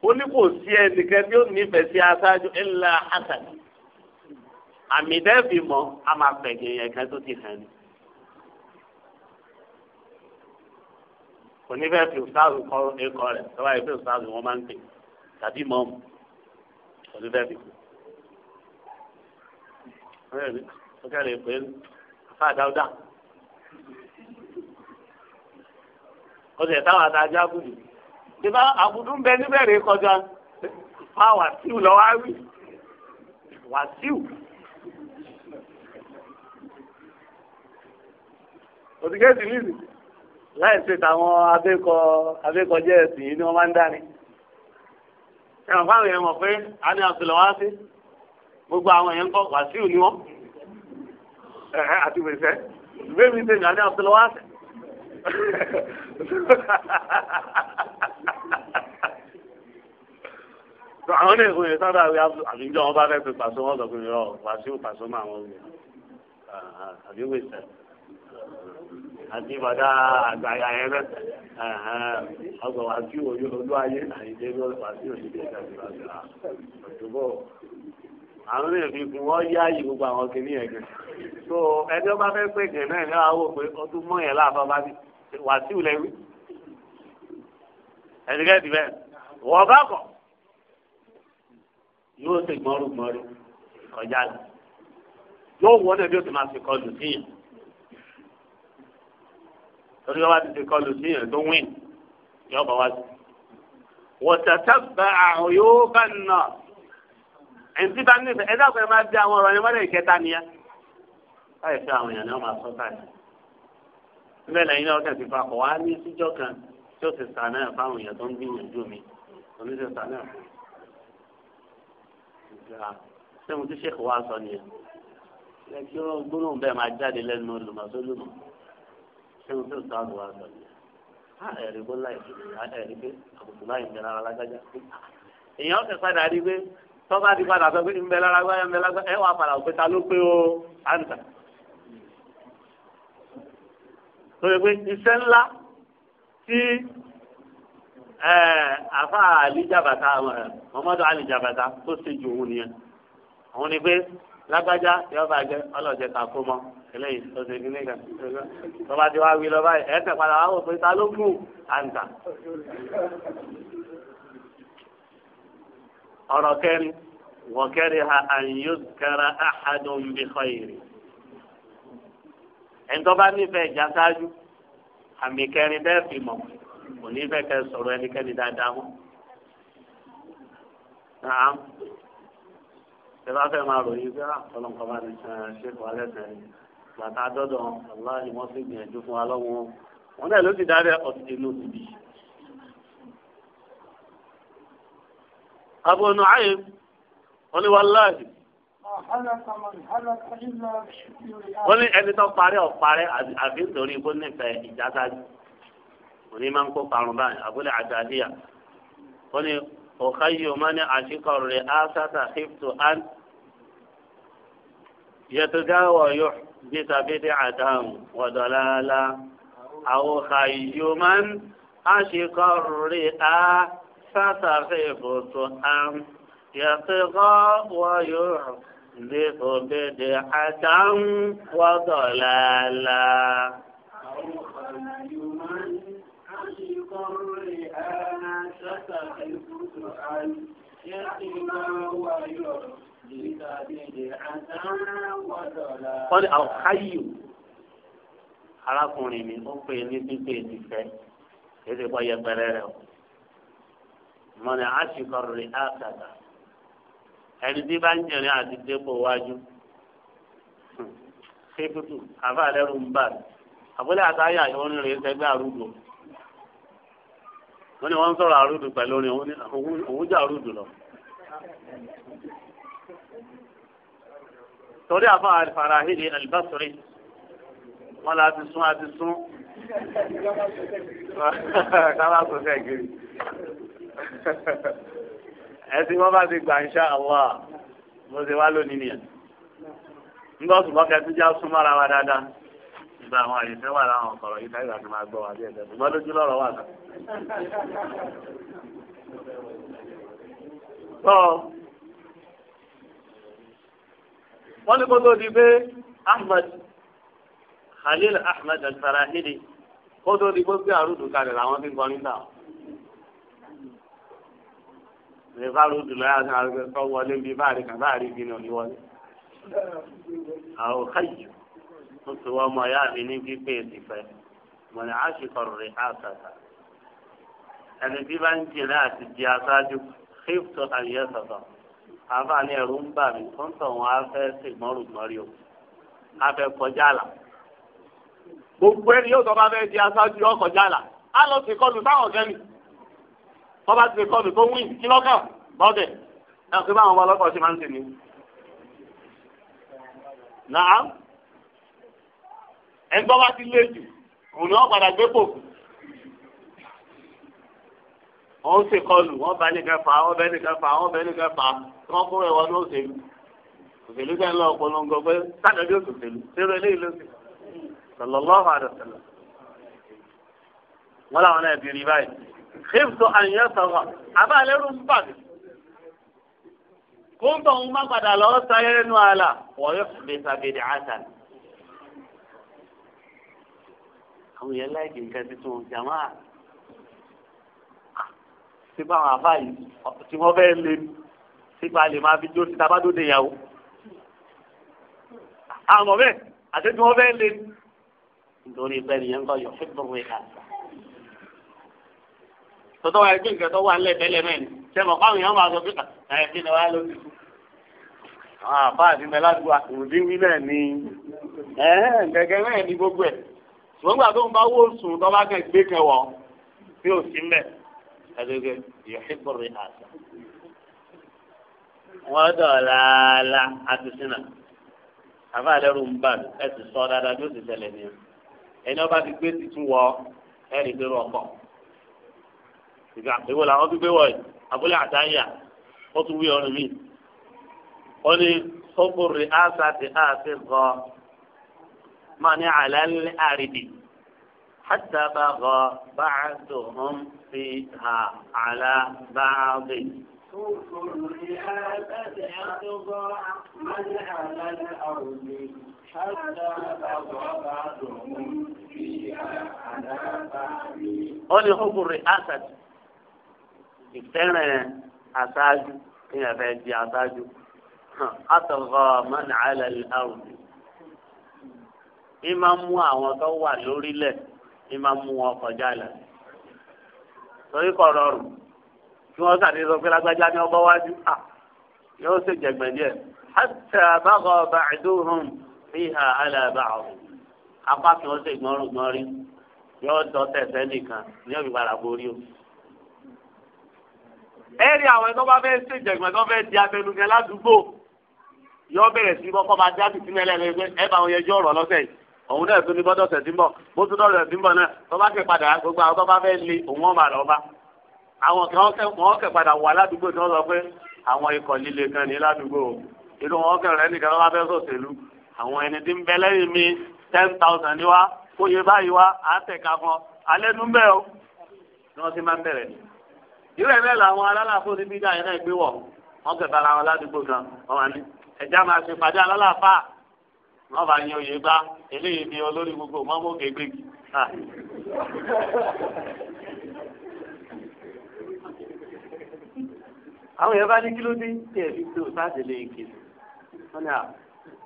ó ní kò sí ẹnìkan tí ó nífẹ̀ẹ́ sí aṣáájú illa hasan àmì dẹ́ẹ̀fì mọ́ a máa pẹ̀gẹ̀ yẹn kan tó ti hàn ní. kò ní fẹ́ fi ọ̀sáàzù kọ́ ẹ̀kọ́ rẹ̀ tọ́wá ìfẹ́ ọ̀sáàzù wọn máa ń pè tàbí mọ́ọ̀mù pẹ̀lú dàbí. wọ́n kàn lè pè é fáà dáúdà. ó sì táwọn àtàjà àbùdù. ìbá àbùdù ń bẹ níbẹ̀rẹ̀ kọjá fáà wàsíù lọ́wọ́ á wí. wàsíù. òtí kẹ́sì nìyí láì ṣe tàwọn abẹ́kọ abẹ́kọjẹ́ ẹ̀sìn yìí ni wọ́n máa ń dá ni ẹ̀rọ fáwọn èèyàn mọ̀ pé a ní abdulwasi gbogbo àwọn èèyàn kọ́ wàsíù ni wọ́n ẹ̀hẹ́ àti wẹ̀sẹ̀ bẹ́ẹ̀ni ṣe ní a ní abdulwasi. àwọn ní ìkùn yẹn sábà wí àbíjọ wọn bá fẹ́ fi pàṣẹ wọn sọ̀kùn yìí rọ wàsíù pàṣẹ mọ àwọn òbí àbí wẹ̀sẹ̀ àti bàdá àgbàyà yẹn náà ọgbà wà kí òye olú ayé àyíké ló wà sí òṣìṣẹ́ ìdàgbàsá òṣùbọ̀ àwọn èèyàn fi kún wọ́n yá yìí gbogbo àwọn kìíní yẹn gan so ẹni ọba fẹ́ pé gẹ̀ náà ní wàá wò pé ó tún yẹn láàfọ̀ bá ní wàásù lẹ́wí ẹnikẹ́ni ti bẹ́ẹ̀ wọ́n bá kọ̀ yóò ṣe gbọ́rùgbọ́rù kọjá yóò wọ́n náà bí ó ti máa ṣe kọlù síyàn torí wọn bá ti ti kọlu sí yẹn tó win yọ bọ wá sí. wọ́tẹ̀tẹ̀bẹ̀ àrùn yóò bá nà ẹ̀ǹtí bá nífẹ̀ẹ́ ẹ̀dá ọ̀pẹ̀rẹ̀ máa di àwọn ọ̀rọ̀ yẹn mọ́lẹ̀ ìkẹta nìyẹn. báyìí fẹ́ àwọn èèyàn ni wọ́n máa sọ báyìí. níbẹ̀ lẹ́yìn náà kẹ̀sì fa kọ̀ wá ní síjọ́ kan tí ó sì sà náà fáwọn èèyàn tó ń gbìyànjú mi oníṣẹ́ sà náà. ṣé mo ti ṣe kò wá sọ nìyẹn? ẹ kí ó gbóná ẹ̀rù tó sọ àdùn wa sọ yìí ẹ̀rí bó láì ẹ̀rí pé àbùkù láì ń bẹ lára lágbájá èèyàn fẹ́ padà rí pé tọ́ba ti padà sọ pé ń bẹ lára ń bẹ lágbájá padà òpè ta ló pé o àǹtà tó yẹ pé iṣẹ́ ńlá tí àfa àlìjàbàtà Muhammadu àlìjàbàtà tó ṣe jù òun nìyẹn òun ni pé. lágbájá yọ bá jẹ ọlọ́jẹ kà kó mọ eléyìí ọ̀sẹ̀ ìdílé kan lọ́ba tí wàá wí lọ́ba ẹ̀ tẹ̀ padà wàá wò pé ta ló kù àǹtà. ọ̀rọ̀ kẹrin wọ̀kẹ́rì ha àyùn kẹra àhàdùn bí kọ́yìrì. ẹ̀ńtọ́ bá nífẹ̀ẹ́ ìjà sáájú àmì kẹrin bẹ́ẹ̀ fi mọ̀ kò nífẹ̀ẹ́ kẹ sọ̀rọ̀ ẹnikẹ́ni dáadáa mọ́ ṣe bá fẹ́ máa ròyìn pé ah, ọlọ́nkọ́ bá ti ṣe kọ́ alẹ́ tẹ̀lé bàtà dọ́dọ̀ aláàlì wọ́n sì gbìyànjú fún wa lọ́wọ́ wọn náà ló ti darí ọtí ló ti bì. Abu Nu'aym wọ́n ní wàláhì. wọ́n ní ẹni tó parí ọ̀parẹ́ àbí nítorí bó nífẹ̀ẹ́ ìjásájú òní máa ń kó parun báyìí abúlé àjàdíyà wọ́n ní ọ̀káyọ̀ máa ní àṣìkọ̀ rẹ̀ á sátà fíftó án. يتداوى يحدث بدعة ودلالة أو خيما عشق الرئة فتخفت أم يطغى ويحدث بدعة وضلالة يطغى ويحدث wọ́n ní àwòkáyò arákùnrin mi ó pè ní pípé nífẹ̀ẹ́ kì í ṣe kọ́ yẹpẹrẹ rẹ o mọ̀ ní aṣèkọ̀rọ̀ rẹ̀ àtàtà ẹni tí bá ń jẹ̀rìn àti dépò wájú ṣékùtù àfàlẹ́rù ń bà àbúlé àtàyà orin rẹ̀ sẹ́gbẹ́ àrùdò wọ́n ní wọ́n ń sọ̀rọ̀ àrùdò pẹ̀lú orin òun jà àrùdò lọ torí àbá alfarahidi albasri wọn la ti sún a ti sún kábà sọ fẹ kiri ẹtí wọn bá ti gbà ń ṣá àwọn mo ti wá lónìí nìyẹn nígbà tó bọ́kẹ́ tó já sún mọ́ra wa dáadáa ìgbà àwọn àyè fẹ́ wà láwọn ọ̀kọ̀rọ̀ yìí táyà tó máa gbọ́ wá bí ẹ̀dẹ̀ ṣùgbọ́n lójú lọ́rọ̀ wà náà. (laughs) wọ́n ní kó tó di pé ahmed khalil ahmed al-farahidi kó tó di pé gbé àrùdù kalẹ̀ làwọn ti gbọ́ níta nípa àrùdù lọ́yà sí àrùdù tó wọlé bíi báàrí kan báàrí bíi náà ní wọlé àwọn káyọ̀ ó sì wọ́n mọ̀ ya mi ní pípé ìdìfẹ́ mọ̀ ní àṣìkọ̀rọ̀ rẹ̀ àṣàṣà ẹni bí bá ń jìnnà àti di aṣáájú kíftó àyẹ̀sọ̀tọ̀ àáfàá ní ẹ̀rù ń bà mí tó ń tọ̀ wọn á fẹ́ ṣègbọ́n rùgbọ́n rí o á fẹ́ kọjá àlà gbogbo ẹni yóò tó bá fẹ́ di aṣáájú yóò kọjá àlà á lọ sí kọlù táwọn kẹ́mi tó bá ti kọlù tó wí kí lọ́kàn bọ́dẹ̀ ẹ̀ kí báwọn ọlọ́kọ̀ ṣe máa ń ṣe ni. nàá ẹgbẹ́ wa ti lé jù òun ni wọ́n padà gbé pò kù wọ́n ń ṣèkọlù wọ́n bá nìkan fà wọ́n bẹ́ nìkan fà wọ́n wọ́n kúrò ẹ̀wọ̀n ní òṣèlú òṣèlú fẹ́ lọ ọ̀pọ̀lọpọ̀ pé sádàbí òṣèlú ṣẹlẹ̀ eléyìí ló sì sallallahu alaihi wasallam wọ́n làwọn náà ti rí báyìí kéèfù àyè sọ̀rọ̀ àbálẹ́rù ń bà kó ń bọ̀ má padà lọ sáyé nínú àlà wọ́n yóò fi sàbẹ̀dẹ̀ àtàn. àwọn yẹn láìkì nǹkan tuntun jàmáà ah, tí báwọn àbáyé tí wọ́n fẹ́ lé mi sípa lè máa fi jó síta bá dóde ìyàwó. àmọ́ bẹ́ẹ̀ àtẹ́jú wọn fẹ́ẹ́ lé nítorí pé nìyẹn ń kọ́ yọ fún gbogbo ìka. tọ́tọ́ wa ẹgbẹ́ nǹkan tó wà ńlẹ̀ tẹ́lẹ̀ mẹ́rin ṣe mọ̀ káwọn èèyàn máa sọ pé ẹ̀ kí ni wàá àwọn àbá àti mẹ́lá ti wà wí náà ni gẹ́gẹ́ náà ni gbogbo ẹ̀. ṣùgbọ́n gbà tó ń bá wó sùn tó bá kẹ́ gbé kẹwọ́ tí ò sí mẹ́ ẹ̀ wọ́n dọ̀làlà àti sinà àfa àlẹ́rù ń bà ẹ sì sọ dáadáa bí ó sì ṣẹlẹ̀ nìyẹn ẹni ọba ti gbé titun wọ ẹni gbé rọpọ̀ ìgbà ìwọ làwọn fi gbé wọ̀ yìí abúlé àtàyà ó tún wí ọrùn mi ó ní ọkùnrin àṣà ti àṣẹ kọ máa ní àlàlẹ́ àrìdì hàtà bá kọ bá a tó hàn fi hà àlà bá a bẹ̀. كلها تسعة ضع من على الأرض حتى تضع بعضهم فيها على بعض. قل حب الرئاسة ní ẹ̀fẹ́ mú àwọn tó wà lórílẹ̀ mú wọn kọjá lẹ̀. torí kọ̀ rọrùn. tí wọ́n sàdé sọ pé lágbájá ní ọgbọ́n wájú à yóò ṣe jẹ̀gbẹ̀ díẹ̀ hàtà bàgọ́ bàdúhùn fíhà àlàbà ọ̀hún apá kí wọ́n ṣe gbọ́nrúgbọ́n rí yóò dọ́ tẹ̀sẹ̀ nìkan ní ọ̀bí padà borí o. ẹ̀rí àwọn ẹ̀tọ́ bá fẹ́ ṣe jẹ̀gbẹ̀ tó fẹ́ di abẹnugẹ ládùúgbò yóò bẹ̀rẹ̀ sí kọ́kọ́ máa dá bìtì mẹ́lẹ̀ lẹ́gbẹ́ ẹ bá wọn yẹjọ́ ọ̀rọ̀ lọ́sẹ̀ yìí òun náà tún ní bọ́dọ̀ tẹ̀sí bó tún dọ̀rọ̀ tẹ̀sí náà tó bá ti padà gbogbo àwọn tó bá fẹ́ le òun ọ̀ àwọn kan wọn kẹ padà wà ládùúgbò tí wọn sọ pé àwọn ikọ̀ líle kan ní ládùúgbò inú wọn kẹrẹ nìkan wọn bá fẹ́ sọ̀tẹ̀lú àwọn ẹni tí ń bẹ lẹ́yìn mi ten thousand ni wá kóye báyìí wá á tẹ̀ka fún ọ alẹ́ nu bẹ́ẹ̀ o ni wọ́n ti máa ń bẹ̀rẹ̀ ni. irú ẹ̀ bẹ́ẹ̀ làwọn alálàfo ní bídà yẹn náà gbé wọ̀ wọn kẹ bára wọn ládùúgbò kan wọn wà ní ẹja máa ṣe pàdé alálàfà wọn bá yan oyè gbá eléyìí ni olórí gbogbo mọ́mọ́ kékeré àwọn èèyàn bá ní kí ló dé tí ẹ̀ fi tó sáàtì lè ké wọ́n ní à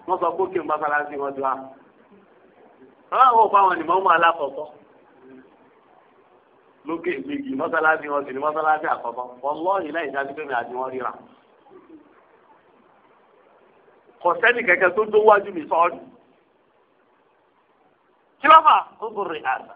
wọ́n sọ pé kí n bá falasí wọn dùn á wọ́n àwọn òpá wọn ni mọ́ mú alákọ̀ọ́kọ́ lókè gbèjì mọ́sálásí wọn sì ni mọ́sálásí àkọ́kọ́ wọ́n láì dájú pé mi àti wọn ríra kò sẹ́ni kẹ̀kẹ́ tó dówájú mi sọ́ọ́dù kí ló fà ó gòrè àgbà.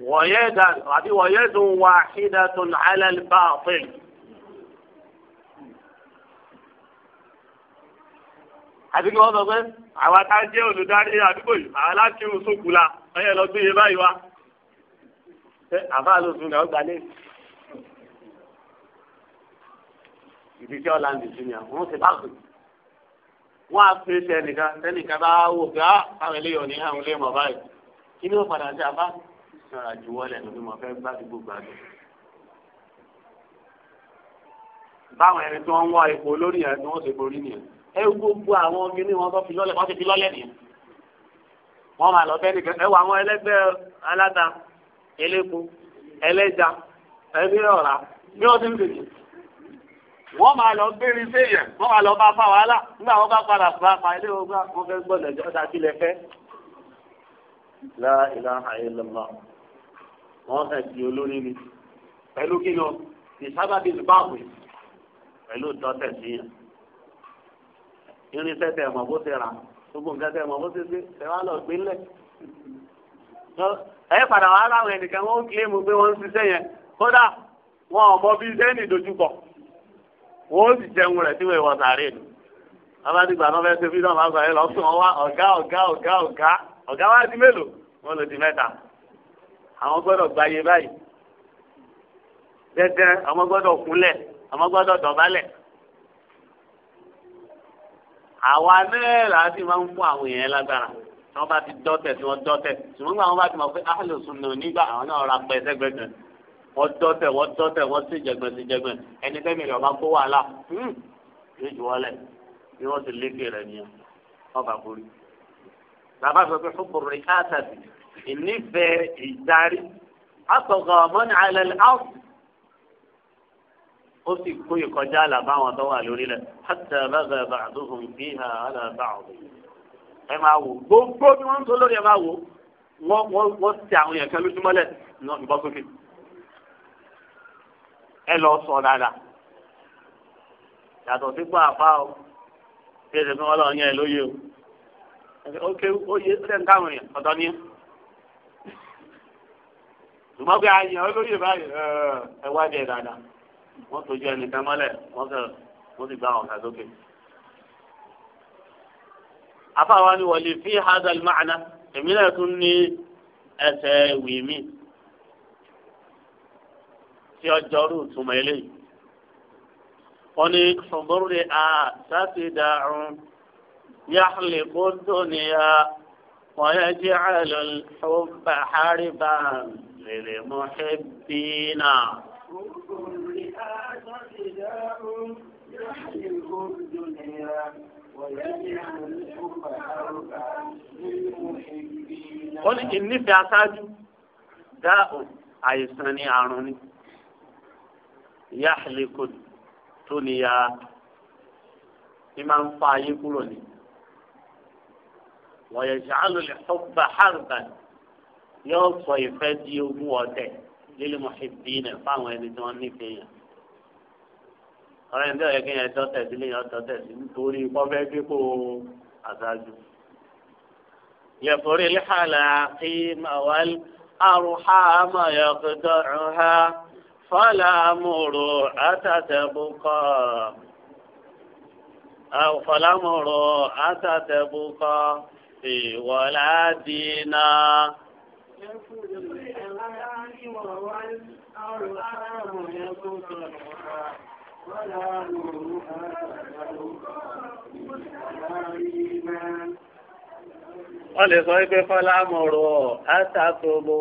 wọ̀yẹ́dà àbí wọ̀yẹ́dùn wàhídàtún alẹ́lbà ọ̀fẹ́lì. àti kí wọ́n sọ pé àwa tá jẹ́ olùdarí àdúgbò yìí àwa láti irun sókù la ọyẹ lọ gbé e báyìí wá. ṣé àbá ló sùn náà gbà ní. ìdí tí ọ̀la ń dì junior wọ́n ti bá pè. wọ́n á pè sẹ́nìkan sẹ́nìkan bá wò pé ah, á àwọn eléyìí ní àwọn eléyìí mọ̀ báyìí kí ni ó padà sí àbá fẹ́ra ju wọ́lẹ̀ nínú mo fẹ́ gbádùgbò gbádùn. báwọn ẹni tí wọ́n ń wá ipò olórí yẹn ni wọ́n ṣe borí nìyẹn ẹ gbogbo àwọn ọmọ inú wọn tó fi lọ́lẹ̀ wọ́n ti fi lọ́lẹ̀ nìyẹn. wọ́n máa lọ fẹ́ni kẹ́kẹ́ wọ àwọn ẹlẹ́gbẹ́ aláta eléko ẹlẹ́ja ẹbí ọ̀rá bí wọ́n ti ń tètè. wọ́n máa lọ béèrè séèyàn wọ́n máa lọ bá fa wàhálà nígbà wọ́n bá padà bá fa ilé wọn fẹ́ gbọ́dọ̀ jọ́ta sílẹ̀ fẹ́. la ilaha illallah wọ́n fẹ́ di olórí ni pẹ̀lú kí lọ ìsábàbí báwò pẹ̀lú ìtọ́tẹ̀ sí yẹn irinṣẹ́ tẹ̀ mọ̀ bó ti rà gbogbo nǹkan tẹ̀ mọ̀ bó ti ṣe tẹ̀ wá lọ gbé lẹ̀ ẹ padà wá láwọn ẹnìkan wọn ń kílé mu pé wọn ń ṣiṣẹ́ yẹn kódà wọn ò mọ bí iṣẹ́ ní dojúkọ wọn ó sì jẹun rẹ̀ tí wọn ìwọ sàárè ni abádìgbà náà fẹ́ẹ́ ṣe fídọ̀ máa gbà ọ̀gá ọ̀gá ọ̀gá ọ̀gá ọ̀gá wá di mélòó wọn lò di mẹ́ta àwọn gbọ́dọ̀ gbáyé báyìí dẹdẹ àwọn gbọ́dọ̀ kúnlẹ̀ àwọn gbọ́dọ̀ dọ̀bálẹ̀ àwa náà láti máa ń fún àwọn èèyàn lágbára tí wọ́n bá ti dọ́tẹ̀ tí wọ́n dọ́tẹ̀ ṣùgbọ́n àwọn bá ti mọ̀ pé áhàlù sùnà nígbà àwọn náà ra pẹ́ sẹ́gbẹ̀gbẹ̀ wọ́n dọ́tẹ̀ wọ́n dọ́tẹ̀ wọ́n sì jẹgbẹ̀ sí jẹgbẹ̀ ẹni tẹ́mi rẹ̀ ọba kó wàhálà hmm, yóò jù wọ́lẹ̀ bí wọ́n ti lékè rẹ̀ nìyẹn wọ́n bá borí. bàbá sọ pé fún kòrò ìnífẹ̀ẹ́ ìdarí àtọ̀gọ̀ ọ̀mọ́ni على الأرض ó sì kó ìkọjá àlà báwọn حتى wà بعضهم فيها على بعض bàdúhùn bí hà àlà bàdúhùn. ẹ máa wò gbogbo bí wọ́n ń tó lórí ẹ máa wò wọ́n ti àwọn yẹn kan lójúmọ́lẹ̀ náà ìbọn sókè ẹ lọ sọ dáadáa yàtọ̀ sípò àfa o bí ẹ ṣe fún wọn lọ yẹn lóye o ó kéwú ó yẹ ń káwọn yẹn ọ̀dọ́ ni ṣùgbọ́n pé àyàn olóyè báyìí ẹ wá ní ẹ̀ dáadáa wọ́n tó jẹ́ ẹnìkan mọ́lẹ̀ wọ́n fẹ́ wọ́n sì gbá àwọn ọ̀gá sókè. afáwa ni wọ́n lè fi hazal maana èmi náà tún ní ẹsẹ̀ ìwé mi tí ọjọ́ rú túmọ̀ eléyìí. wọ́n ní ṣùgbọ́n rẹ̀ a sáti dàrún yàhálì kó dùn níyà wọ́n yẹ jẹ́ غير محبينا قل إني في عساج داء أي سني عنوني يحلق الدنيا إمام فاي قلوني ويجعل الحب حربا yóò sọ ìfẹ́ di ogún ọ̀tẹ̀ lílé mọ̀ṣẹ́bìnrin fáwọn ẹni tí wọ́n nífẹ̀ẹ́ yẹn. ọ̀rẹ́ ní ọ̀yẹ́ kéèyàn dọ́tẹ̀ sílé yẹn dọ́tẹ̀ sí nítorí kọ́fẹ́ dípò àṣáájú. yẹ̀fọ́rí lẹ́hàlà kí màwàl àrùhà àmọ̀ yọ̀kọ̀tọ̀ ọ̀hà fọ́lá àmúrò àtàtẹ̀bùkọ́. فلا مروا أتتبقى في ولادنا ولا نورها ولا ريما wọ́n lè sọ wípé fọ́lá mọ̀rọ̀ átàtòbó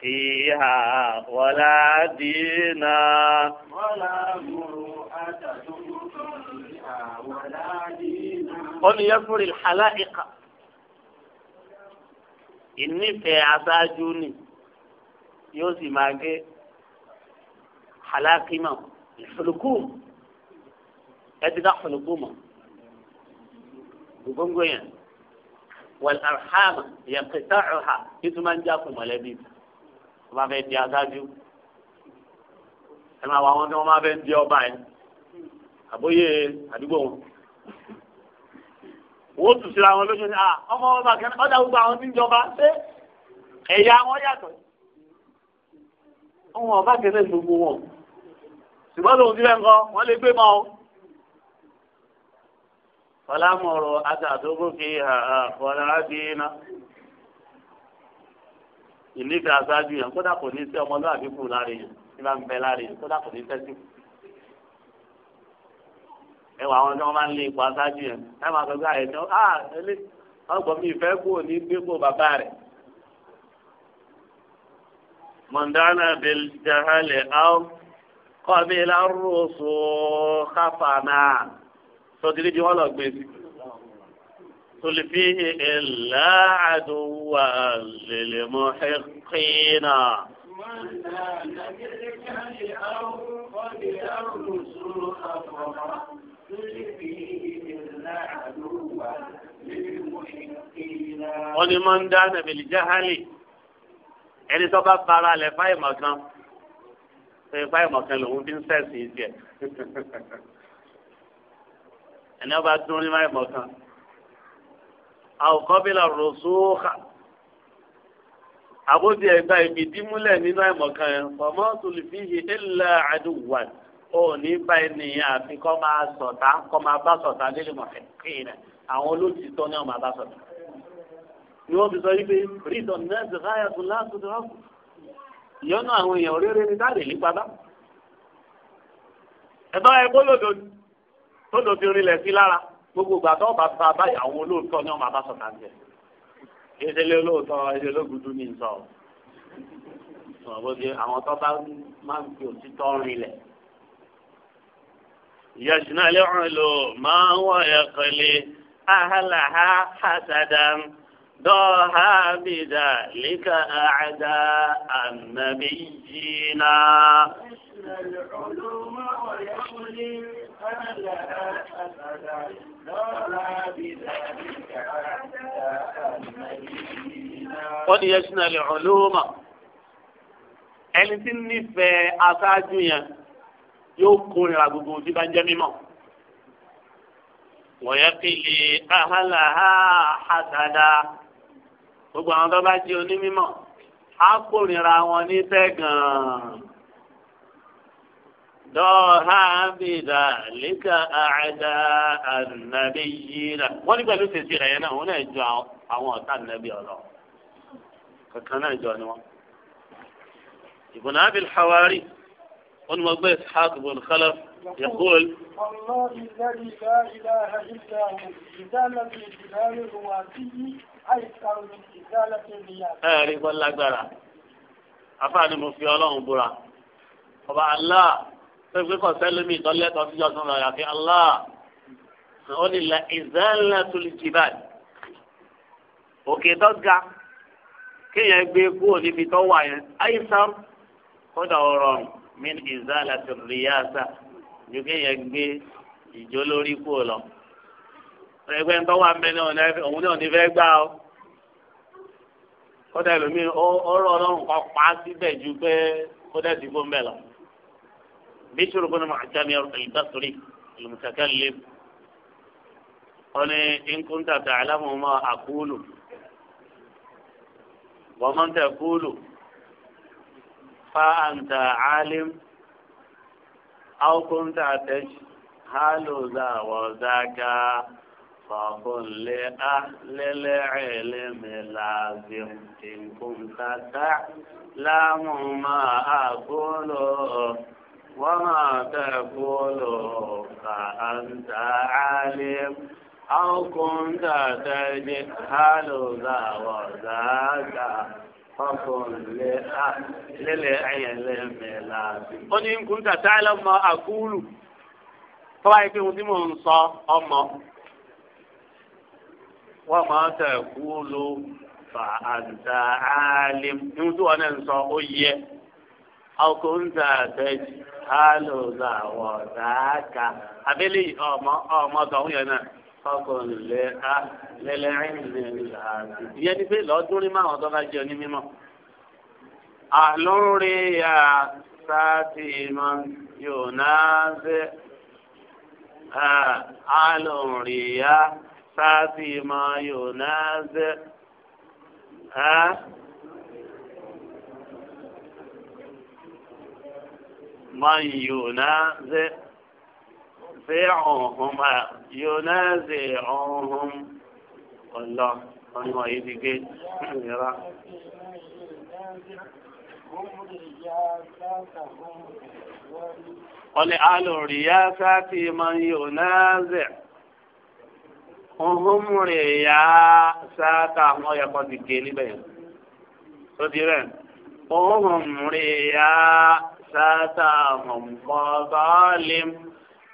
kì í hà wọ́lá dínà. fọ́lá mọ̀rọ̀ átàtòbó kì í hà wọ́lá dínà. ó ní yẹ fúri hàlá ìkà ìnífẹ̀ẹ́ aṣáájú ni yóò sì máa gé halakima ìfọlùkù ẹtìká fọlùkù mọ gbogbo yẹn wal arhama yaqta'uha títí máa ń já fún mọ̀lẹ́bí wọn máa fẹ́ di aṣáájú ẹ máa wọ àwọn tí wọn máa fẹ́ di ọba yẹn àbóyè àdúgbò wọn wọ́n tù síra wọn lójú à ah, ọmọ ọba kẹ́ni ọ̀dà gbogbo àwọn níjọba ṣé ẹ̀yà wọn yàtọ̀ ọmọ ọba kẹ́ni gbogbo wọn ṣùgbọ́n lòun ti fẹ́ ń kọ́ wọ́n lè gbé mọ́ fọlámọ̀rọ̀ àtàdógó fi hàn ìníkà aṣáájú yẹn kódà kò ní sí ọmọlúwàbí kù láàrin yẹn tí bẹ láàrin yẹn kódà kò ní sẹ́sìn kù ẹ wà àwọn tí wọ́n máa ń lé ipò aṣáájú yẹn ẹ máa sọ pé àyẹ̀tọ́ ah, à ah, ẹlẹ́ ọgbọ̀n mi ìfẹ́ kú ní gbégbó bàbá rẹ̀. mọ̀ndánà bẹ́ẹ̀ jahalẹ̀ áwọ̀ kọ́mi lárúsù káfàánà sọdiri bí wọ́n lọ gbé sí. tolifí ilà àdúwà lèlè mọ́ ẹ̀kínà. mọ̀ndánà bẹ́ẹ̀ jahalẹ̀ áwọ̀ kọ́mi lárúsù káfàánà wọ́n ní máa ń dá nàbẹ̀lì jáhálì ẹni tó bá para lẹ̀ fáìmọ̀ kan fáìmọ̀ kan lòun fi ń sẹ̀sì ìdíẹ̀ ẹni ọba dún ní fáìmọ̀ kan àwòkọ́bílà rọ̀ṣọ́ọ̀kà àbójú ẹ̀gbá ibi dímúlẹ̀ nínú àìmọ̀ ẹ̀ fọmọ́ lè fi ṣe ẹ̀ la àdúgbò wáyé o ní bá ènìyàn àfi kọ́ máa sọ̀tà kọ́ máa bá sọ̀tà lílì mọ̀fẹ́ kéèrè àwọn olóòtítọ́ náà máa bá sọ̀tà. ni wọ́n fi sọ yí pé rídọ̀ náà ti ráyà tó láàtúndì ráàpù. ìyọ́nú àwọn èèyàn rere ni dáàdì ní padà. ẹ bá ẹgbẹ́ lòdò tó lòdì rinlẹ̀ sí lára gbogbo ìgbà tó bá fa báyìí àwọn olóòtítọ́ náà máa bá sọ̀tà jẹ. ìdílé olóòtọ́ ìdílé ológudu ní ìsọ̀ àwọn tó bá يجنى العلوم ما أهلها حسدا دعها بذلك أعداء العلوم أهلها حسدا دعها بذلك أعداء النبيين قد يشنا العلوم ان تنفي ń yóò kórìíra gbogbo tí bá ń jẹ́ mímọ́. wọ̀nyẹ́ kele ahala ha hasada gbogbo àwọn tó bá jẹ́ onímọ̀ á kórìíra wọn ní sẹ́gàn. dọ́ọ̀há bìdà líka àdá ànàbí yìírà. wọ́n ní pẹ̀lú sèṣì rẹ̀ yẹn náà wọ́n náà jọ àwọn ọ̀tá ànàbí ọ̀rọ̀ kankan náà jọ ni wọ́n. ìbùnà abil hawari wọ́n mọ̀ gbé ishaq bin khalaf yaqul. wàlláhi lẹ́yìn bá ilá ìlà ìdálẹ́ bí ìdálẹ́ wà sí àìsàn ìdálẹ́ bí ìyá. ẹ rí bọ́ lágbára afáàní mo fi ọlọ́run búra ọba allah pé pé kò sẹ́lómi ìtọ́lẹ́tọ̀ síjọ́ sọ́nà àyàfi allah ó ní la ìdálẹ́ tó lè jìbá òkè tó ga kéèyàn gbé kúrò níbi tó wà yẹn àìsàn kódà ó rọrùn min izalati riyasa ju kéèyàn gbé ìjó lórí kú lọ ẹgbẹ́ ń tọ́wọ́ àmì náà òun náà ní fẹ́ gbá o kódà ẹlòmíì ọ̀rọ̀ ọlọ́run kan pa á síbẹ̀ ju pé kódà ìdìbò ń bẹ̀ lọ. bíṣúrù kúnnà máa jáde ìbásórí ìlùmùsàkà lè ọ̀nì ìkúntàtà alámùmá àkúlù wọ́n máa ń tẹ̀ kúlù. فأنت عالم أو كنت هل ذا وذاك فقل لأهل العلم لازم إن كنت تعلم ما أقول وما تقول فأنت عالم أو كنت تجهل ذا وذاك lẹ́lẹ̀ ayẹlẹ́mẹ̀lá. ó ní ń kúrú tàtà pé ohun tí mò ń sọ ọmọ. wọ́n máa ń tẹ̀ ló fà àǹtà áálé. ihun tí wọ́n náà ń sọ ó yẹ. ọkọ̀ ń tà àtẹ́jì hálò dáàkà. ọmọ ọmọ tọ̀hún yẹn náà. fákọ̀ọ́nù lẹ́lẹ́rìn ìyẹn ni pé lọ́ọ́dún rí máwọn tó bá jẹ́ oní mímọ́. àlórí yà sáàtì mọ́ yóò náà ṣe àlórí yà sáàtì mọ́ yóò náà ṣe. من ينازع ينازعهم ينازعهم الله ọmọ yìí ti gé ìnira. wọ́n lè alòrìyá sáti máa ń yò náàzẹ̀ ohunrìyá sáta àwọn ọ̀yàkọ́ ti gé níbẹ̀ yẹn tó ti rẹ̀ ohunrìyá sáta àwọn ọ̀gbọ́n bá lè mú.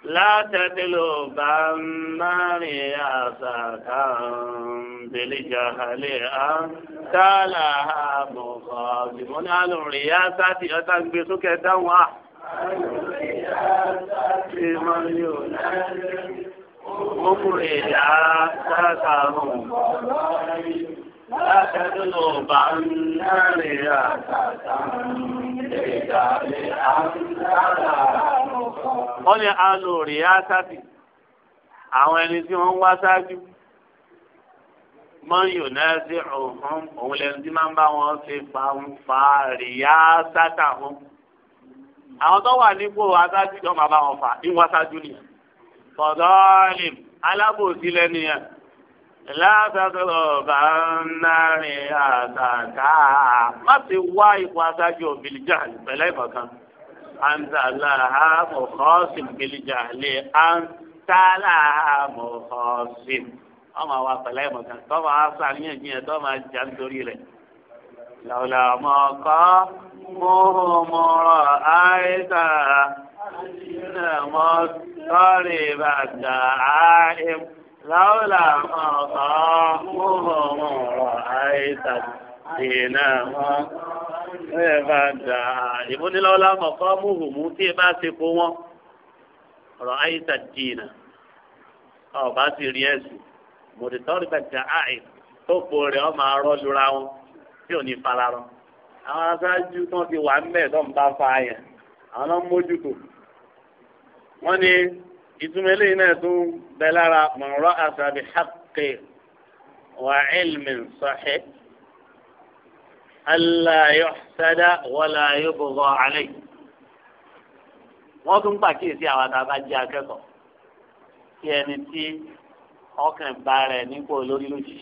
لا تتلو بماري أساكا بالجهل أنت لها مخاصم عن الرياسة أتنبسك دوا مخرج أساكهم لا تتلو بماري أساكا بالجهل أنت لها wọ́n ní alòrè ásàtì àwọn ẹni tí wọ́n ń wá sáájú mọ́n yóò náà sí ọ̀hún òun lẹ́nu tí máa ń bá wọn ṣe fanfa rìyá sátà hàn. àwọn tó wà nípò aṣáájú tó máa bá wọn fà ní wọ́n aṣáájú nìyẹn. fọ̀dọ́ọ̀lì alábòsí lẹ́nu yẹn látàkọ̀rọ̀ bá ń nárin àtàkà má ti wá ipò aṣáájú òbílíjà pẹ̀lẹ́ ìbọ̀kan. أنت لها مخاصم بالجهل أنت لها مخاصم أما وقال ما طبعا صانيا جينا طبعا جان دوريله لولا ما قامهم رأيت مضطرب الدعائم لولا ما قامهم رأيت ìná ẹ bá dà ìmúnilọ́lá mọ̀kọ́ múhùmú tí ẹ bá ti kó wọn ọ̀rọ̀ àyíṣà dìínà ọba ti rí ẹ̀sùn mòdìtọ́rì bàjẹ́ àì tó po rẹ̀ ọ máa rọ́jú ra wọn tí ò ní fara rọ. àwọn aṣáájú tó ti wà ń bẹ̀ tó ń bá fa yẹn àwọn náà ń mójútó. wọ́n ní ìtumọ̀ eléyìí náà tún lára mọ̀rọ̀ àṣàbí hàkè wà ilmin sahih. ألا يحسد ولا يبغى عليه wọ́n tún pàkíyèsí àwọn àtàbà jẹ́ akẹ́kọ̀ọ́ tí ẹni tí ọkàn bá rẹ̀ nípò lórí lójijì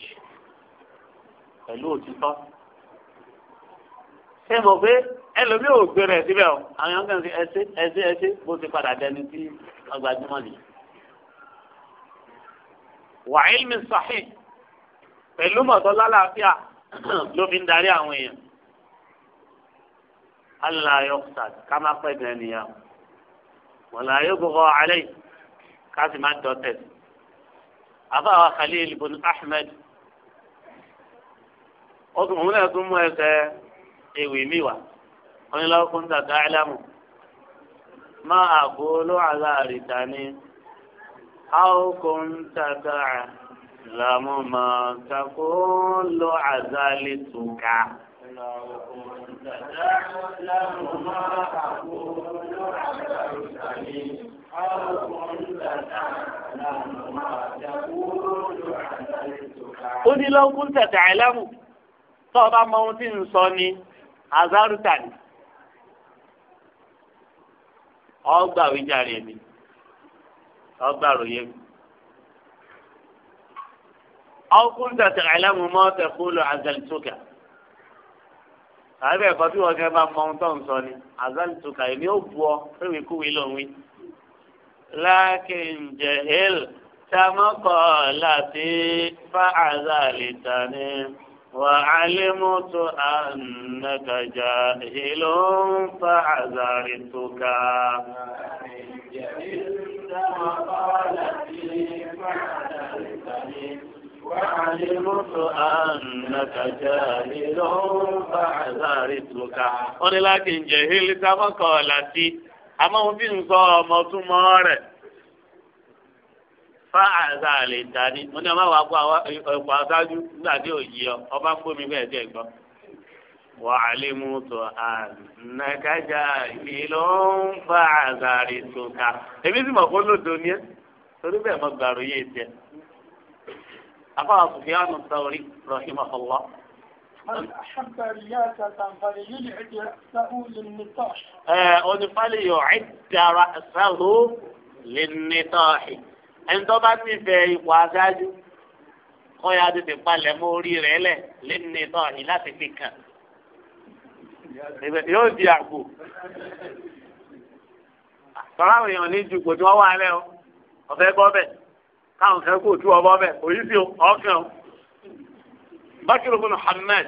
pẹ̀lú òtítọ́. ṣé mo pé ẹlòmíì ò gbé rẹ̀ síbẹ̀ o àwọn yọ̀ǹkan sí ẹsẹ̀ ẹsẹ̀ ẹsẹ̀ bó ti padà dẹni tí ọgbà jùmọ̀ wàhálì mi sàhìn pẹ̀lú mọ̀tọ́ lálàáfíà (clears throat) ló fi ń darí àwọn èèyàn allah yọkùtà ká má pẹ́ bẹ́ẹ̀ nìyà wọn là yóò gbọ́ alẹ́ yìí ká sì má dọ̀tẹ̀ àbáwá khalil bin ahmed ọkùnrin òun náà tún mú ẹsẹ̀ ewì mi wá wọn ni kún tàkà ẹlẹ́mù má àgbo ló àlá àrìtà ni a kún tàkà ìsìlámù máa takò lọ àzálẹ̀ tùkà. ó ní lọ́kùn tẹ̀tẹ̀ àìlẹ́mù tó o bá mọ ohun tí ń sọ ni azárùtà ni ọgbà wíjàre mi ọgbà ròyìn mi aw kunta ta'lamu ma taqulu azaltuka àbẹ ẹkọ tí wọn kẹ bá mọ ohun tó ń sọ ni azaltuka èmi ò bu ọ fẹmi kúwi lóhùn lakin jahil tamọkọ láti fa azalitani wa alimutu annaka jahilun fa azalituka. lakin jahil tamọkọ láti fa azalitani. Wàhálìmùtò ànàkà jàhìlò fàhàzàrìtùkà. Ó ní láti ń jẹ́ hílítà mọ́kànlá sí. Àmọ́ òun fi sọ ọmọ túmọ̀ rẹ̀. Fàhàzàrìtà ni. Mo ní ọmọ wa kó ọ̀pọ̀ aṣáájú nígbà tí ọ. Ọba ń gbómi bẹ́ẹ̀ tẹ̀ gbọ́. Wàhálìmùtò ànàkà jàhìlò fàhàzàrìtùkà. Èmi sì mọ̀ kó lòdò ẹ́. Torí bẹ́ẹ̀ gbàrú أقرأ سفيان الثوري رحمه الله من أحب رياسة فليعد رأسه للنطاح أه فليعد رأسه للنطاح ẹni tó bá ti fẹ́ ipò aṣáájú kó ya tètè palẹ̀ mọ́ orí rẹ̀ lẹ̀ lẹ́nu náà ní láti fi kàn yóò di àgbò tọ́lá àwọn èèyàn ní ju ipò tí wọ́n wà lẹ́ o ọ̀fẹ́ bọ́ bẹ́ẹ̀ táwọn kan kò tú ọbọ bẹ òyìn sí ọkàn bákìrì bin Hammad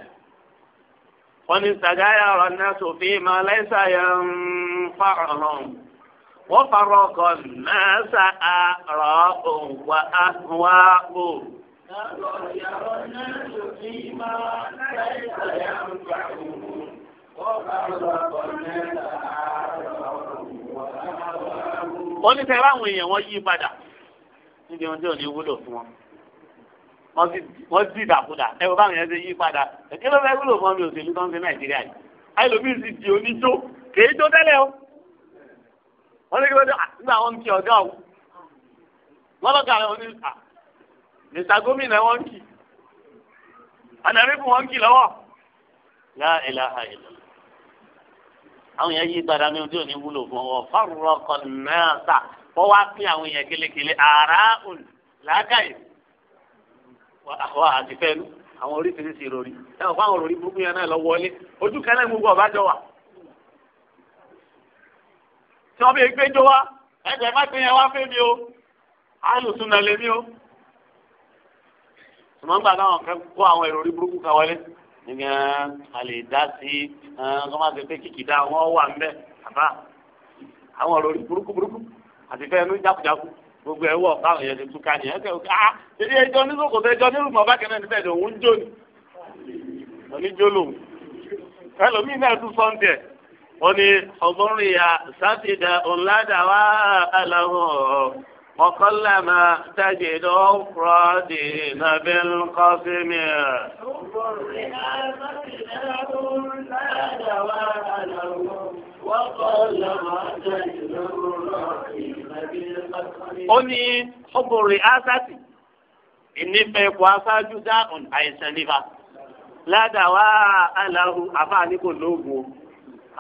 wọn ni sàgáyà ọ̀rọ̀ náà sòfin máa lẹsà yẹn ń fa ọ̀rọ̀ wọn farọ ọkọ náà sà á rọ òun Wọ́n ní sẹ́yìn láwọn èèyàn wọ́n yí padà níbi ohun tí ò ní wúlò fún wọn wọ́n sì dàkúdà ẹ wọ́n báwọn yẹn ṣe yí padà ẹ̀kẹ́ ló fẹ́ wúlò fún ọmọ òṣèlú tó ń ṣe nàìjíríà yìí àìlòmíì sì di oníjó kèé jó tẹ́lẹ̀ o wọ́n ní kí wọ́n nígbà wọn ń kí ọ̀gá o wọ́n lọ́gà rẹ̀ wọ́n ní à mr gómìnà wọ́n ń kì ànàmíkù wọ́n ń kì lọ́wọ́ láìláha ìlú àwọn yẹn yí padà ní ohun tí ò ní wúlò fún ọ wọ́n wá pín àwọn èèyàn kelekele ààrá òun làákàyè àwọn àtifẹ́nu àwọn oríṣiríṣi ìròrí ẹ wọ́n fáwọn òròrí burúkú yẹn náà lọ wọlé ojú kan náà gbogbo ọ̀bájọ wà. tí wọ́n bí gbẹ́jọ wá ẹgbẹ́ má ti yẹn wá fẹ́ mi o àlùsùn náà lè mí o. sùmọ́ gbà náà kẹ́ kó àwọn ìròrí burúkú kan wọlé nígbà a lè dá sí ọmọ eh, àti pé kìkìdá wọn wà ń bẹ àbá àwọn ìròrí burúkú burúkú àti fẹ́ ẹnu jákujáku gbogbo ẹwọ báwọn yẹn ti túká ni ẹkẹ òkè ah èyí ẹjọ nísòkò tó ẹjọ nírùmọ bákẹ́ náà níbẹ̀ lòun ń jó ni oníjó lòun ẹlòmíín náà tún sọ́ńdẹ̀ ó ní ọgbọ́n rìà sátidà ọ̀làdà wà á làwọn وقلما تجد أفرادهم بالقسم ó ní ọgbọ̀nrin asati ìnífẹ̀ ipò aṣáájú dáhùn àìsàn nípa ládàá aláhu àbá ní kò lóògùn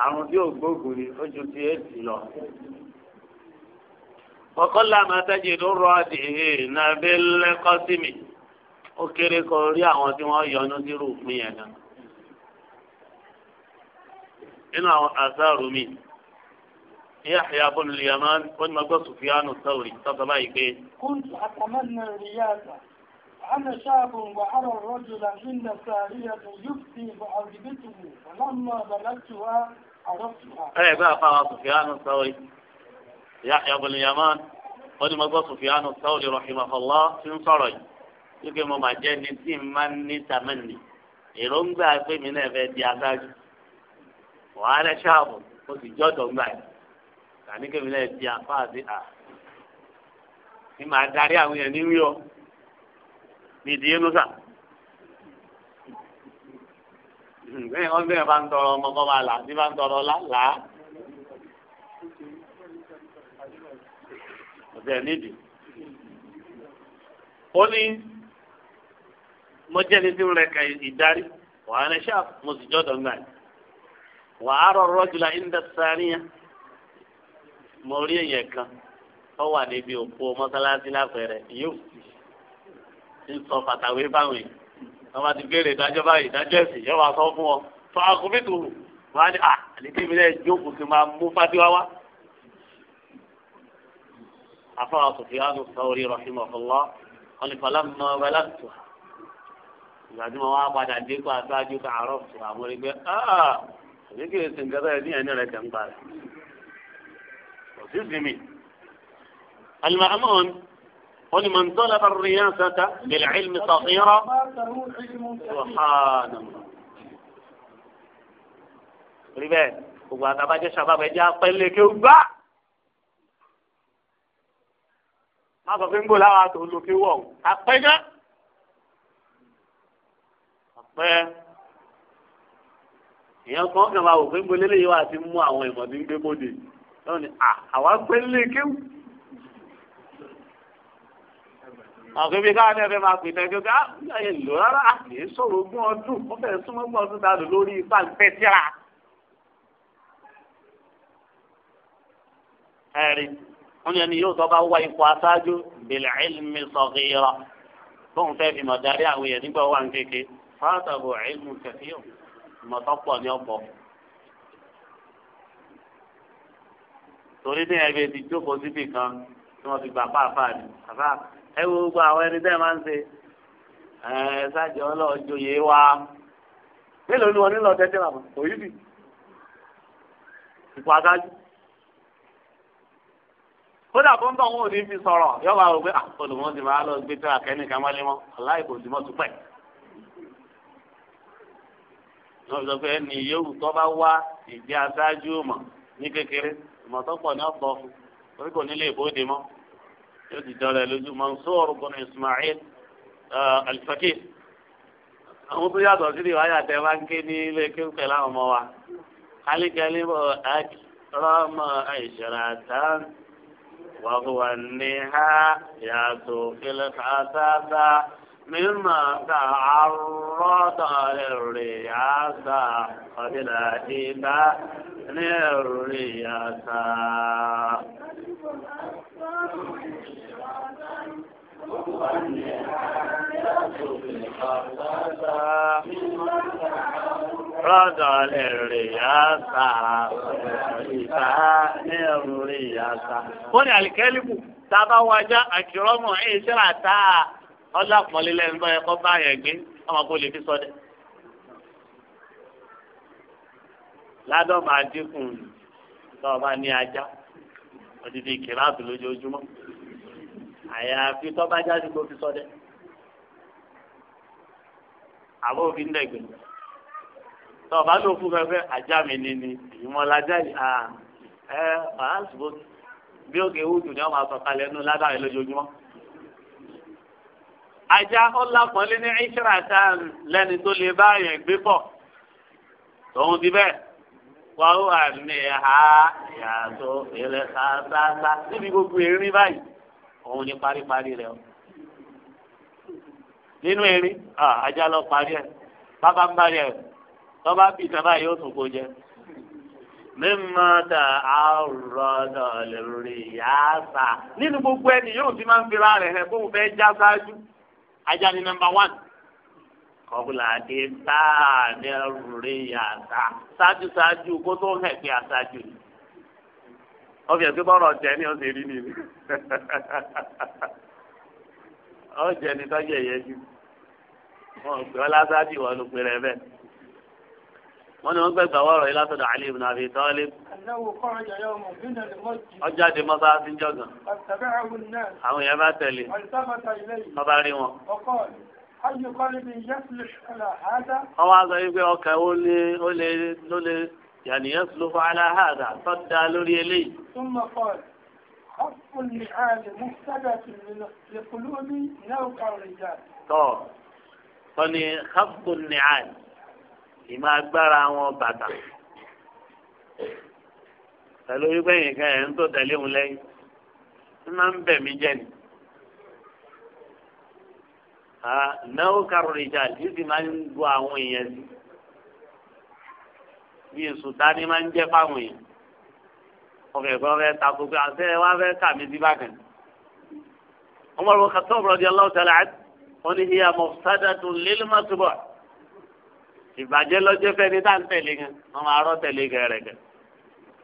àrùn tí ò gbóògùn ni ó ju ti èèdì lọ ọ̀kọ́lá àmọ́tẹ́jì ló rọ àdìhì nàbí lẹ́kọ́símì ó kéré kọ rí àwọn tí wọ́n yọnu dírò fún yẹn náà. nínú àwọn àṣàrò mi Yahya bun al-Yaman ó ní ma gbọ́ Sufyanu Thawri tọ́sọ báyìí pé. كنت أتمنى الرياسة أنا شاب وأرى الرجل عند سارية يفتي فأعجبته فلما بلغتها عرفتها. ẹ bá a fa Sufyanu Thawri. Yahya bin Yaman ó ní mo gbọ́ Sufyanu Thawri rahimahullah ti ń sọ̀rọ̀ yìí wípé mo máa jẹ́ ní tí n máa ń ní tàmẹ́nì èròǹgbà pé mi náà fẹ́ di aṣáájú wàhálà ṣáàbù mo sì jọ́dọ̀ ńgbà yìí kàní kémi náà di apá àti à ní màá darí àwọn èèyàn níwí o ní ìdíyé ló sà bẹ́ẹ̀ wọ́n bẹ́ẹ̀ bá ń tọrọ ọmọ kọ́ máa là ní bá ń tọrọ ọlá là á. tẹ̀ nídìí. ó ní mo jẹ́ ní tí ń rẹ̀ ka ìdarí wà á ní ṣáà mo sì jọ́ dọ̀ngbà yìí. wà á rọrọ jùlọ ìndà sáníyà mo rí èèyàn kan tó wà níbi òpó mọ́sálásí lápẹ̀rẹ̀ yóò ń sọ pàtàwé báwọn yìí wọ́n bá ti béèrè ìdájọ́ báyìí ìdájọ́ ẹ̀sìn yóò wá sọ fún ọ fún akọ́bí tòun wọ́n á ní ah, à ní kí mi máa mú fatiwa wá. عفا سفيان الثوري رحمه الله قال فلما بلغتها بعد ما وقع عندك وأساجك عرفتها أقول بي آه لكن استنقذها دي أنا لك وفي وتزمي المأمون قل من طلب الرياسة بالعلم صغيرا سبحان الله ربا وقال أبا شباب جاء طلق وقال má sọ pé ń gbò láwọn àtò olókè wọ̀ ọ́ àpẹ́ gán àpẹ́ èèyàn kan kàn máa wò pé ń gbò lélẹ́yìí wà ti mú àwọn ìmọ̀ ní gbé bóde lọ́wọ́ ni àwa pé ń lé kéwù. àwọn ibi káwọn ẹgbẹ́ máa pè tẹ́jú ká ẹ lò rárá àti ah, sọ̀rọ̀ ogún ọdún wọ́n fẹ́ súnmọ́ ogún ọdún ta lò lórí ipá ìfẹ́ tíra. ẹ̀rí wọ́n ní ẹni yóò tọ́ bá wá ipò aṣáájú bil ilmi saghira bóun fẹ́ fi mọ̀ darí àwọn èèyàn nígbà wà ń kéke fàtàbù ilmu kathir ìmọ̀tọ́pọ̀ ní ọ̀pọ̀. torí ní ẹgbẹ́ ti jókòó síbì kan tí wọ́n ti gbà pa àfa ni àfa ẹ wo gbogbo àwọn ẹni tẹ́ máa ń ṣe ẹ ṣáàjì ọlọ́ọ̀jọyè wa mélòó ni wọ́n nílò tẹ́tẹ́ làwọn òyìnbí ipò aṣáájú kódà bó ń bọ̀ wọn ò ní fi sọ̀rọ̀ yóò máa rò pé ah, olùwọ́n ti máa lọ gbé tíra kẹ́ni kan wálé wọn aláì kò sí mọ́tò pẹ̀. wọ́n sọ pé ẹni yòówù tó bá wá ìgbé aṣáájú mọ̀ ní kékeré ìmọ̀tọ́pọ̀ ní ọ̀pọ̀ orí kò nílé ìbòde mọ́ yóò ti dọ́ra lójú Mansur bin Ismail eh, alifaki àwọn tó yàtọ̀ sí ìwà yàtẹ̀ máa ń ké ní ilé kéwùkẹ́ láwọn ọmọ wa alikẹ́lẹ́ bọ̀ eh, àkì rọ́mọ وهو النهاية في الحساسة مما تعرض للرياسة قبل إذن الرياسة Rọ́dọ̀ lè rè yáàsà ìta ní orí yáàsà. Ó ní àlìkẹ́lìbù tá a bá wájá àkìrọ́mù iṣẹ́ àtà ọlápọ̀lélẹ̀ ẹ̀kọ́ bá yẹn gbé ọmọ lè fi Ládọ́ máa dínkù tọ́ ọ bá ní ajá. Odidi lójoojúmọ́. àyàfi tọ́ba jáde kó fi sọdẹ àbó òfin dẹ̀gbẹ̀ tọ́ba ló fún fẹ́fẹ́ ajá mi ni ni ìmọ̀lájà yìí à ẹ ọ̀hán ṣùgbọ́n bí òkè wúdù ni wọ́n máa sọ kalẹ̀ nù ládàá lójoojúmọ́ ajá ọ̀la pọ̀nlé ní ìṣẹ̀ràta lẹ́ni tó lè bá yẹn gbé pọ̀ tòun ti bẹ́ẹ̀ wàhùn àmì ẹ̀há ìyàtọ̀ ìrẹsà sáásá níbi gbogbo erin báyìí òun ni paríparí rẹ̀ o nínú eré ajá lọ parí ẹ̀ bàbá ń parí ẹ̀ tọ́ba bíi tàbá yóò tún kó jẹ mímọ tà àrùrọ̀dọ̀ lórí yàtà. nínú gbogbo ẹni yóò fi máa ń fira rẹ̀ hẹ́ kó fẹ́ já sáájú ajá ni nọ́mbà wán. kọ́bùlà dé táà ní lórí yàtà ṣáájú ṣáájú kó tó hẹ̀ pé aṣáájú ni wọ́n fi ẹ̀sìn bọ́ọ̀rọ̀ jẹ ní ọ̀sẹ̀ rí ni ọ̀ jẹ ní tọ́jú ẹ̀yẹ jù wọn pè ọ́ lásàdì wọn ló pèrè bẹ́ẹ̀ wọ́n ní wọ́n gbẹ̀gbà wọ́ọ̀rọ̀ yìí látọ̀dọ̀ Ali ibn Abi Talib. ọjà di mọ́tà sí jọ̀gàn. àwọn èèyàn bá tẹ̀lé. ọba rí wọn. wọ́n wá wípé ọkàn ó lé ló lé yàní yẹn sọ fún aláhàdà tó dá lórí eléyìí. túmọ̀ kọ́ ọ̀pọ̀ ní ààrẹ mú sábà tìlú lẹ́kùlú ní náà kọrin jà. tọ́ wọ́n ní ọ̀pọ̀ ní ààrẹ ìmọ̀ agbára wọn bàtà pẹ̀lú wípé nǹkan ẹ̀ ń tó tẹ̀lé òun lẹ́yìn ń máa ń bẹ̀ mí jẹ́ ni. náà kárò ìjà yìí sì máa ń bu àwọn èèyàn sí bí èso dání máa ń jẹ́ fáwọn èèyàn ọkọ̀ ẹ̀gbọ́n fẹ́ takò pé àṣẹ wa fẹ́ kà mí sí bákan. ọmọ rẹ kà tó ọ̀rọ̀ di ọlọ́wọ́ tẹ̀lé àti wọn ni ìyá mọ̀sádà tó lélẹ́ má túbọ̀ ìbàjẹ́ lọ́jọ́ fẹ́ ní táǹtẹ̀lé gan wọn máa rọ́ tẹ̀lé gan rẹ̀ gan.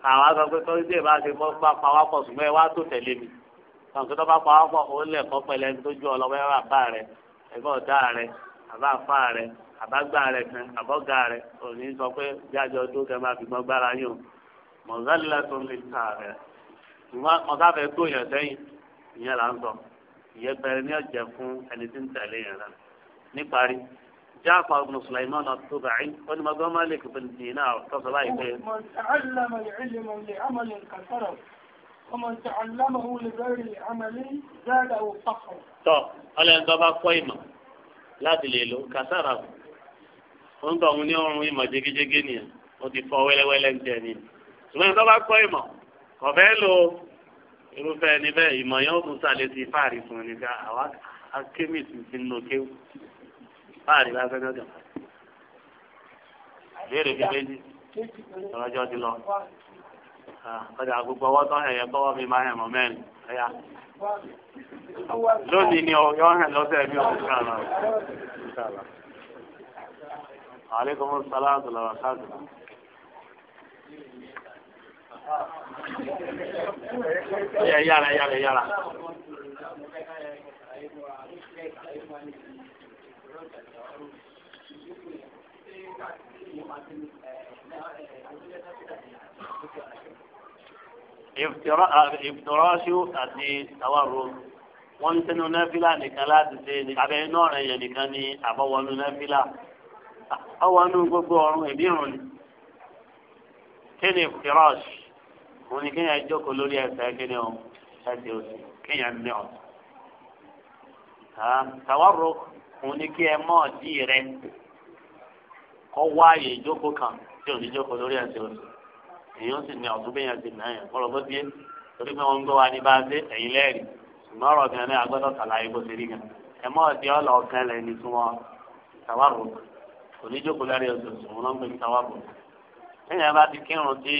àwọn aṣọ pé kọ́ sí ìbá ṣe bá pawápọ̀ ṣùgbọ́n ẹ wá tó tẹ̀lé mi kàǹkì tó bá pawápọ̀ ó lẹ̀ kọ́ pẹ̀lẹ́ tó ju ọlọ́wọ́ ẹ àbágbá rẹ̀ kan àbọ̀gá rẹ̀ òní sọ pé jájọ tó kẹ́ máa fi gbọ́n gbára yín o mọ̀nsálílá tó ń lè ta rẹ̀ ìwọ́n ọ̀sáfẹ́ tó yàn sẹ́yìn ìyẹn là ń sọ ìyẹn pẹ̀lú ní ọ̀jẹ̀ fún ẹni tí ń tẹ̀lé yẹn náà níparí jáàpá ibn sulaiman àtúbàáyí ó ní magbọ́n máa lè kìbìn dìínà tọ́sọ̀ láì pé. man ta'allama al-ilma li amalin kasara wa man ta'allamahu li ghairi amalin zadahu faqra. tọ́ ọlẹ́ni tó bá kọ́ ìmọ̀ láti lè ó ń tọ̀ ọ̀hún ní ọrùn ìmọ̀ jégéjégé nìyẹn ti fọ wẹ́lẹ́wẹ́lẹ́ ń ṣùgbọ́n bá kọ́ ìmọ̀ lo irúfẹ́ ẹni bẹ́ẹ̀ ìmọ̀ yẹn ó sàlẹ̀ sí fáàrí fún ẹni àwa akémìtì ti ń lo kéwù fáàrí ti lọ. ọjà gbogbo ọwọ́ tó hẹ̀yẹ bọ́wọ́ mi máa mẹ́rin ẹ̀yà. lónìí ni ọ hẹ̀ lọ́sẹ̀ mi ò ń kà وعليكم السلام ورحمة الله وبركاته يا يا يا يا افتراء افتراء شو ادي تورم وانت نافله لكلاد زين ابي نور يعني كاني ابو نافله ọwọ́ inú gbogbo ọrùn ìdírun ni kíni firash òun ni kéèyàn jókòó lórí ẹsẹ̀ kíni o ẹsẹ̀ òsì kéèyàn mí ọ̀ tàwárò òun ni kí ẹ mọ́ ọ̀dí rẹ kọ́ wá àyè ìjókòó kan tí òun ní jókòó lórí ẹsẹ̀ òsì èyí ó sì ní ọ̀tún bẹ́yẹn ti nà yẹn kọ́ lọ́ bó tiẹ̀ torí pé wọ́n ń gbọ́ ní bá a dé ẹ̀yìn lẹ́ẹ̀rì ṣùgbọ́n ọ̀rọ̀ náà agbọ́dọ̀ sàlàyé bó ti rí gan ẹ mọ́ ọ̀dí ọ̀lọ́ ọ̀kan lẹ́ni tí wọ́n tàwárò oníjókòó lárí ọjọ́ sọ̀rọ̀ lọ́n gbẹ̀mí táwa bọ̀. lẹ́yìn abá ti kírun tí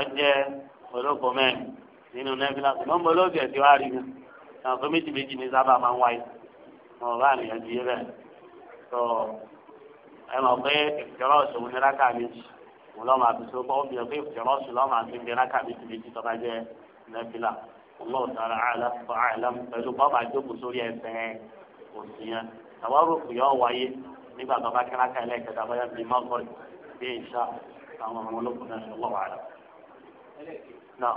ọjẹ́ olóko mẹ́rin nínú nẹ́fílà tó lọ́n bọ́ lóògì ẹ̀ tí wàá rí mi. àwọn fún méjì méjì ní sábà máa ń wáyé mo bá àníyàn ti yé bẹ́ẹ̀. tó ẹ mọ̀ pé ìfìjọ́rọ̀ òṣòwò ní rákà méjì mo lọ́ máa fi so bọ́ bí ìfìjọ́rọ̀ òṣòwò lọ́ máa fi bí Allah ta'ala àlàm pẹ̀lú bọ́ máa jókòó sórí ẹsẹ̀ òsì yẹn. àwọn rògbò nígbà tó bá kíláka ẹlẹ́kẹta bóyá bíi mọ́kọ́rì bí ìṣá àwọn ọmọ olókùn náà ṣe wọ́wọ́ àlọ́. náà.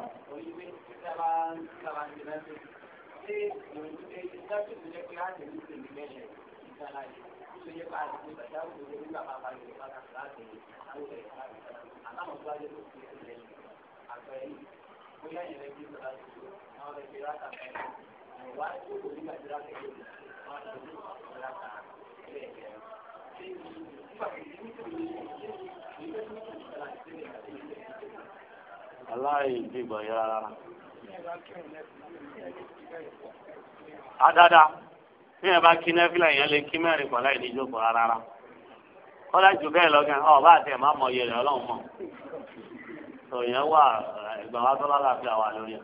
Thank aláìdí ìgbọ̀nyá rárá. Adada ní ẹ kí nẹ́fìlà yẹn lé kí mẹ́rin pọ̀ láì níjókòó rárá. Kọ́lá jù bẹ́ẹ̀ lọ́gàn ọ̀ bá àti ẹ̀ mọ ọlọ́run mọ̀. wà wa tọ́lá láti àwà lórí ẹ̀.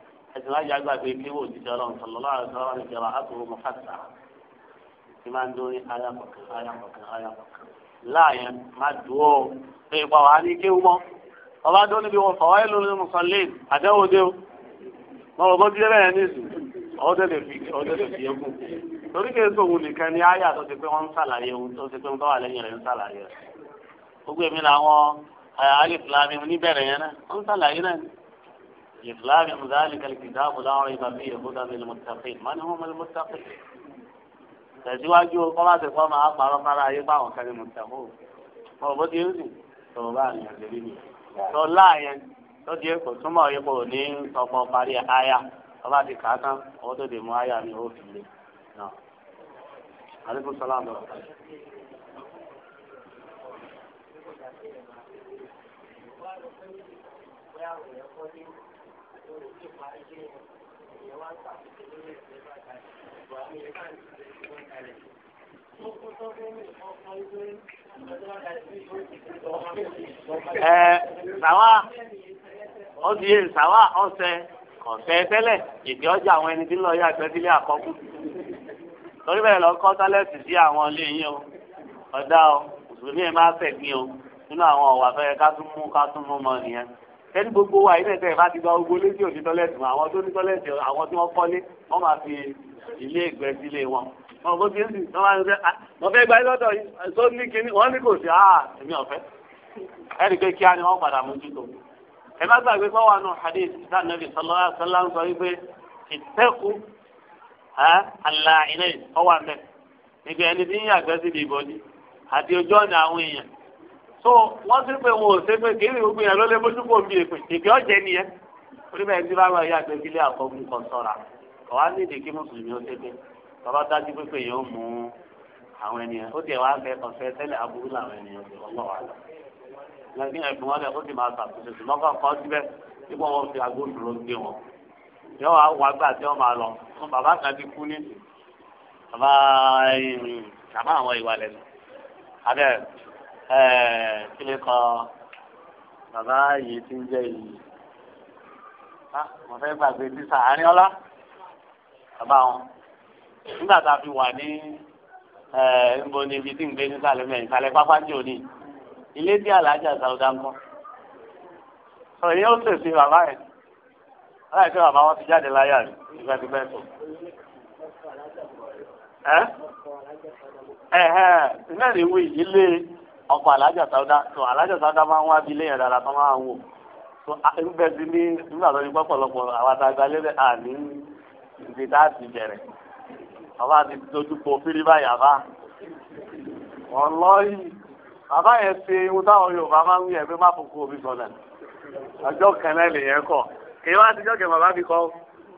ẹ̀sìn wájú agbàgbé ilé wò jíjẹ ọlọ́run sọlọ́lá àdúrà ìjọba àtúrò mọ́fàtà tí máa ń dórí ayàpọ̀kan ayàpọ̀kan ayàpọ̀kan láàyẹn má dùn ó pé ipa wàá ní kéwú mọ́ ọba dóni bí wọn fọwọ́ ìlú ní mùsọ̀lẹ́n àdéhùn dé o mo rò bó ti rẹ̀ ní ìsìn ọdẹ lè fi ọdẹ lè fi yẹkùn torí kí n sòwò nìkan ni áyà tó ti pé wọn ń sàlàyé ohun tó ti pé wọn bá wà lẹ́yìn rẹ̀ ń sàlàyé rẹ̀ gbogbo èmi làwọn alif lami níbẹ̀rẹ̀ yẹn náà ń sàlàyé náà إطلاق ذلك الكتاب لا ريب فيه هدى للمتقين من هم المتقين تزواجه قرات قام أقرأ قرأ يقع وكان المتقون ما بدي يوزي سولا يجريني سولا ين تجي كسم يقول نين سوف باري آية قرأت كاتم أو تدي ما يعني هو في لي نعم عليكم السلام ورحمة الله Thank you. ẹ sàwa ọdún yẹn sàwa ọsẹ ọsẹ tẹ́lẹ̀ èdè ọjà àwọn ẹni tí ń lọ yá àgbẹ̀dílé àkọ́kù torí bẹ́ẹ̀ lọ kọ́ tálẹ́sì sí àwọn ilé yín o ọ̀dà o mùsùlùmí ẹ̀ máa fẹ̀ o nínú àwọn ọ̀wà fẹ́ ká tún mú ká tún mú nìyẹn. ẹni gbogbo wa yìí nẹsẹ ìfà ti gba gbogbo létí òní tọ́lẹ́tì wọn àwọn tó ní tọ́lẹ́tì àwọn tí wọ́n kọ́lé wọ́n máa fi ilé ìgbẹ́ sílé wọn. wọn bó ti ń sìn wọn máa ń sẹ wọn ah, fẹ́ gba ilọ́dọ̀ yìí tó ní kinní wọn ní kò sí ah èmi ọ̀fẹ́ ẹni pé kíá ni wọ́n padà mójútó. ẹ má gbàgbé pé wà nù hadith nàbì sallallahu alaihi wasallam sọ wípé ìtẹ́kù àlà ilé ọwọ́ àmẹ́ níbi ẹni tí ń yàgbẹ́ síbi ìbọn ni àti so wọ́n ti pé wọn ò ṣe pé kí ni gbogbo yẹn ló lé bójú kò bí èpè èpè ọ̀jẹ̀ nìyẹn orí bẹ́ẹ̀ ti bá wà yá pé kílé àkọ́gbù kan sọ́ra kò wá ní ìdíkí mùsùlùmí ó ṣe pé bàbá dájú pé pé yẹn ó mú àwọn ènìyàn ó tiẹ̀ wá bẹ́ẹ̀ kàn fẹ́ tẹ́lẹ̀ aburú làwọn ènìyàn ti wọ́n wà lọ. lẹ́yìn ẹ̀gbọ́n wọn lẹ̀ ó ti máa ṣàkóso ṣùgbọ́n kàn kọ́ síbẹ̀ tí wọ́n wọ́n fi agbó dúró gbé wọn. yọ wá wá gbà tí wọ́n máa lọ fún bàbá kan ti kú ní bàbá àwọn ìwà lẹ́nu. abẹ́ Eh, kílé kan bàbá yìí ti ń jẹ yìí ah, mo fẹ́ gbàgbé dísà àárín bàbá a fi wà ní nbọ eh, ní ibi tí ń gbé nísàlẹ̀ mẹ́rin ìsàlẹ̀ pápá jò ní ilé tí alájà sáwùdà ń kọ́ sọ̀rọ̀ yẹn ó sèse bàbá yẹn aláì pé bàbá wọn ti jáde láyà rẹ̀ nígbà tí ọkọ alájà sáúdá tó alájà sáúdá máa ń wá bí léyìn dára tó máa ń wò tó irúfẹ́ sí ní nígbà tó ní pọ́pọ̀lọpọ̀ àwọn àtàgbà lébẹ̀ àní ìdí tá a ti bẹ̀rẹ̀ bàbá ti dojú po fírí báyìí àbá ọlọ́yìn bàbá yẹn ṣe ohun táwọn Yorùbá máa ń wí ẹ̀ pé má fòkó omi sọ̀nà ọjọ́ kẹlẹ́ lèyẹn kọ̀ kí wọ́n ti jọ́kẹ́ bàbá mi kọ́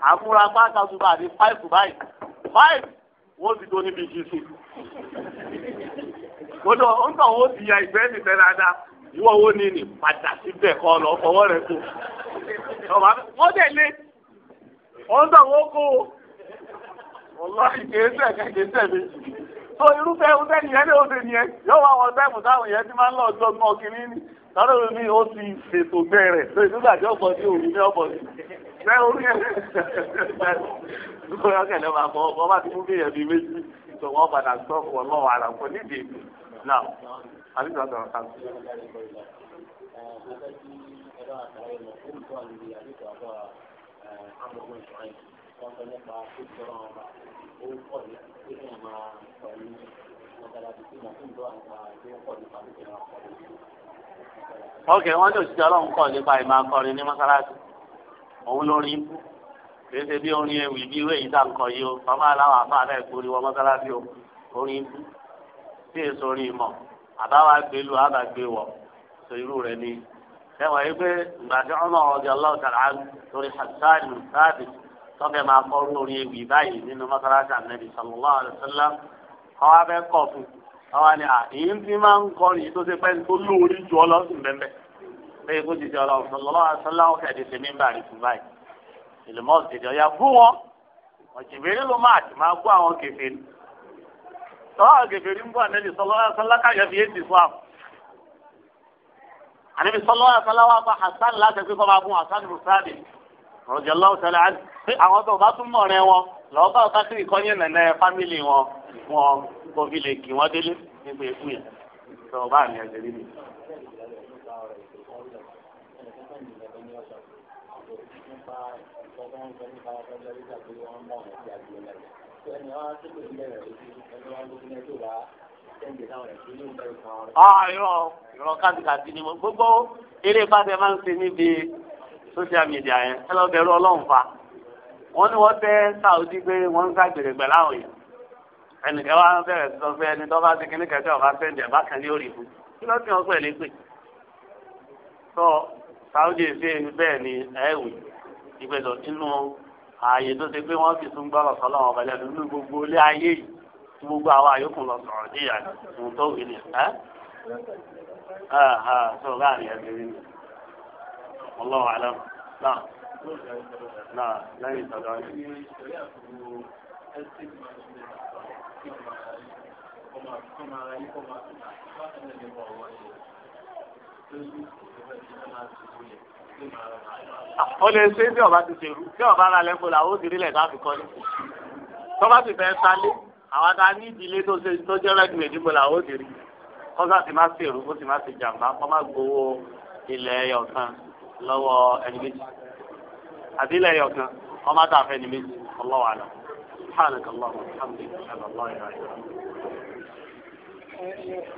àmúra pátá tó bá ní fáìfù báyìí fáìfù wọ́n ti tó níbi jù kódà ń tàn ó ti ya ìgbẹ́ nìfẹ́ dáadáa ìwọ owó ní ní padà síbẹ̀ kọ́ lọ fọwọ́ rẹ kó wọ́n dẹ̀ lé ó ń tàn kó ọlọ́ọ̀ì kìí sẹ̀ mi so irúfẹ́ oúnjẹ nìyẹn lè oúnjẹ nìyẹn yóò wá wọn sẹ́ẹ̀mù táwọn yẹn ti máa ń lọ ọjọ́ gbọ́n kínní ni lọ́dọ̀ mi ó ti ṣètò gbẹ̀rẹ̀ lórí nígbà tí ọkọ̀ sí òní ní ọkọ̀ sí bẹ́ẹ̀ orí ẹ̀ lórí ọkẹ̀lẹ́ máa bọ́ ọba ti mú bí èèyàn méjì tó padà sọ́ọ̀kù ọlọ́wọ́ àràkọ́ nídìí náà àbí ìgbà sọ̀rọ̀ kan. ok wọn ní òṣìṣẹ́ ọlọ́run kọ́ nípa ìmọ̀ akọrin ní mọ́sálásí òun lórí ibú kìí ṣe bí orin ewì bí ìwé yìí dá nǹkan yìí o bàbá aláwọ̀ àbá rẹ̀ kórìí wọ mọ́sálásí o orin ibú tí èso rí mọ̀ àbáwá gbé lu àbá gbé wọ̀ sọ irú rẹ̀ ni. ẹwọ̀n yìí pé ìgbà tí ọmọ ọ̀dọ̀ ọlọ́run tàrà lórí hasan sáàbì tọ́kẹ́ máa kọ́ lórí ewì báyìí nínú mọ́sálásí ànábì sallallahu alaihi wasallam ọwọ́ abẹ́ kọ̀ fún ọwọ́ ni àyín tí máa ń kọ́ nìyí tó ṣe pẹ́ tó lórí ju ọlọ́sùn bẹ́ẹ̀ bẹ́ẹ̀ kó ti ṣe ọlọ́run sallallahu alaihi wasallam kẹ́ẹ̀dẹ̀ ṣe mímbà rí fún báyìí ìlú mọ́ọ̀sì tọ́wọ́ àgbègbèrè ń bọ̀ ànẹ́bí sọlọ́wọ́ sọlá káyọ̀ fi éèdì fún àwọn. ànẹ́bí sọlọ́wọ́ sọlá wa gba hasan láti pé kọ́ máa bún hasan musadi rọ̀jọ̀lọ́wọ́ sọlá àti pé àwọn tó bá tún mọ̀ rẹ wọn lọ́wọ́ bá ọ̀tá sí ìkọ́yìn nẹ̀nẹ́ fámìlì wọn wọn kò fi lè kí wọ́n délé nígbà èkú yẹn sọ bá mi àjẹrí mi. Ah, irọ́ irọ́ káàdìkàdì ni mo gbogbo eré pàṣẹ máa ń ṣe níbi social media yẹn ẹ lọ bẹ̀rù ọlọ́run fa wọ́n ní wọ́n tẹ́ sáwùdí pé wọ́n ń ṣàgbèrè pẹ̀lú àwọn yẹn ẹnìkan wa bẹ̀rẹ̀ sọ pé ẹni tó bá ti kíní kẹtẹ ọ̀fà sẹ́ǹdẹ̀ bá kan yóò rí fún kí ló ti wọn pẹ̀lú pé tó sáwùdí ṣe bẹ́ẹ̀ ni ẹ̀wì ìgbẹ́jọ nínú ààyè tó ṣe pé wọ́n fi tún gbọ́rọ̀ sọ́lọ́wọ́n ọ̀bẹ̀lẹ̀ nínú gbogbo ilé ayé yìí tí gbogbo àwọn àyókù lọ sọ̀rọ̀ díyà ní tó wí ni ẹ́ sọ̀rọ̀ láàrin ẹ̀ lérí ni ọlọ́wọ́ àlọ́ náà náà lẹ́yìn ìtọ́jọ́ yìí. ó lè ṣe bí ọba ti ṣerú bí ọba ara lẹ́kọ̀ọ́ làwọn ò dirí lẹ̀ káfíkọ́ ni tọ́ba ti fẹ́ sálé àwọn ata ní ìdílé tó ṣe tó jẹ́ rẹ́gbẹ̀ẹ́ níbo làwọn ò dérí kọ́sà ti má ṣèrú kó ti má ṣe jàǹbá kó má gbowó ilẹ̀ ẹyọ̀kan lọ́wọ́ ẹni méjì àti ilẹ̀ ẹyọ̀kan kó má tà fẹ́ ẹni méjì ọlọ́wà lọ. سبحانك اللهم وبحمدك اشهد ان لا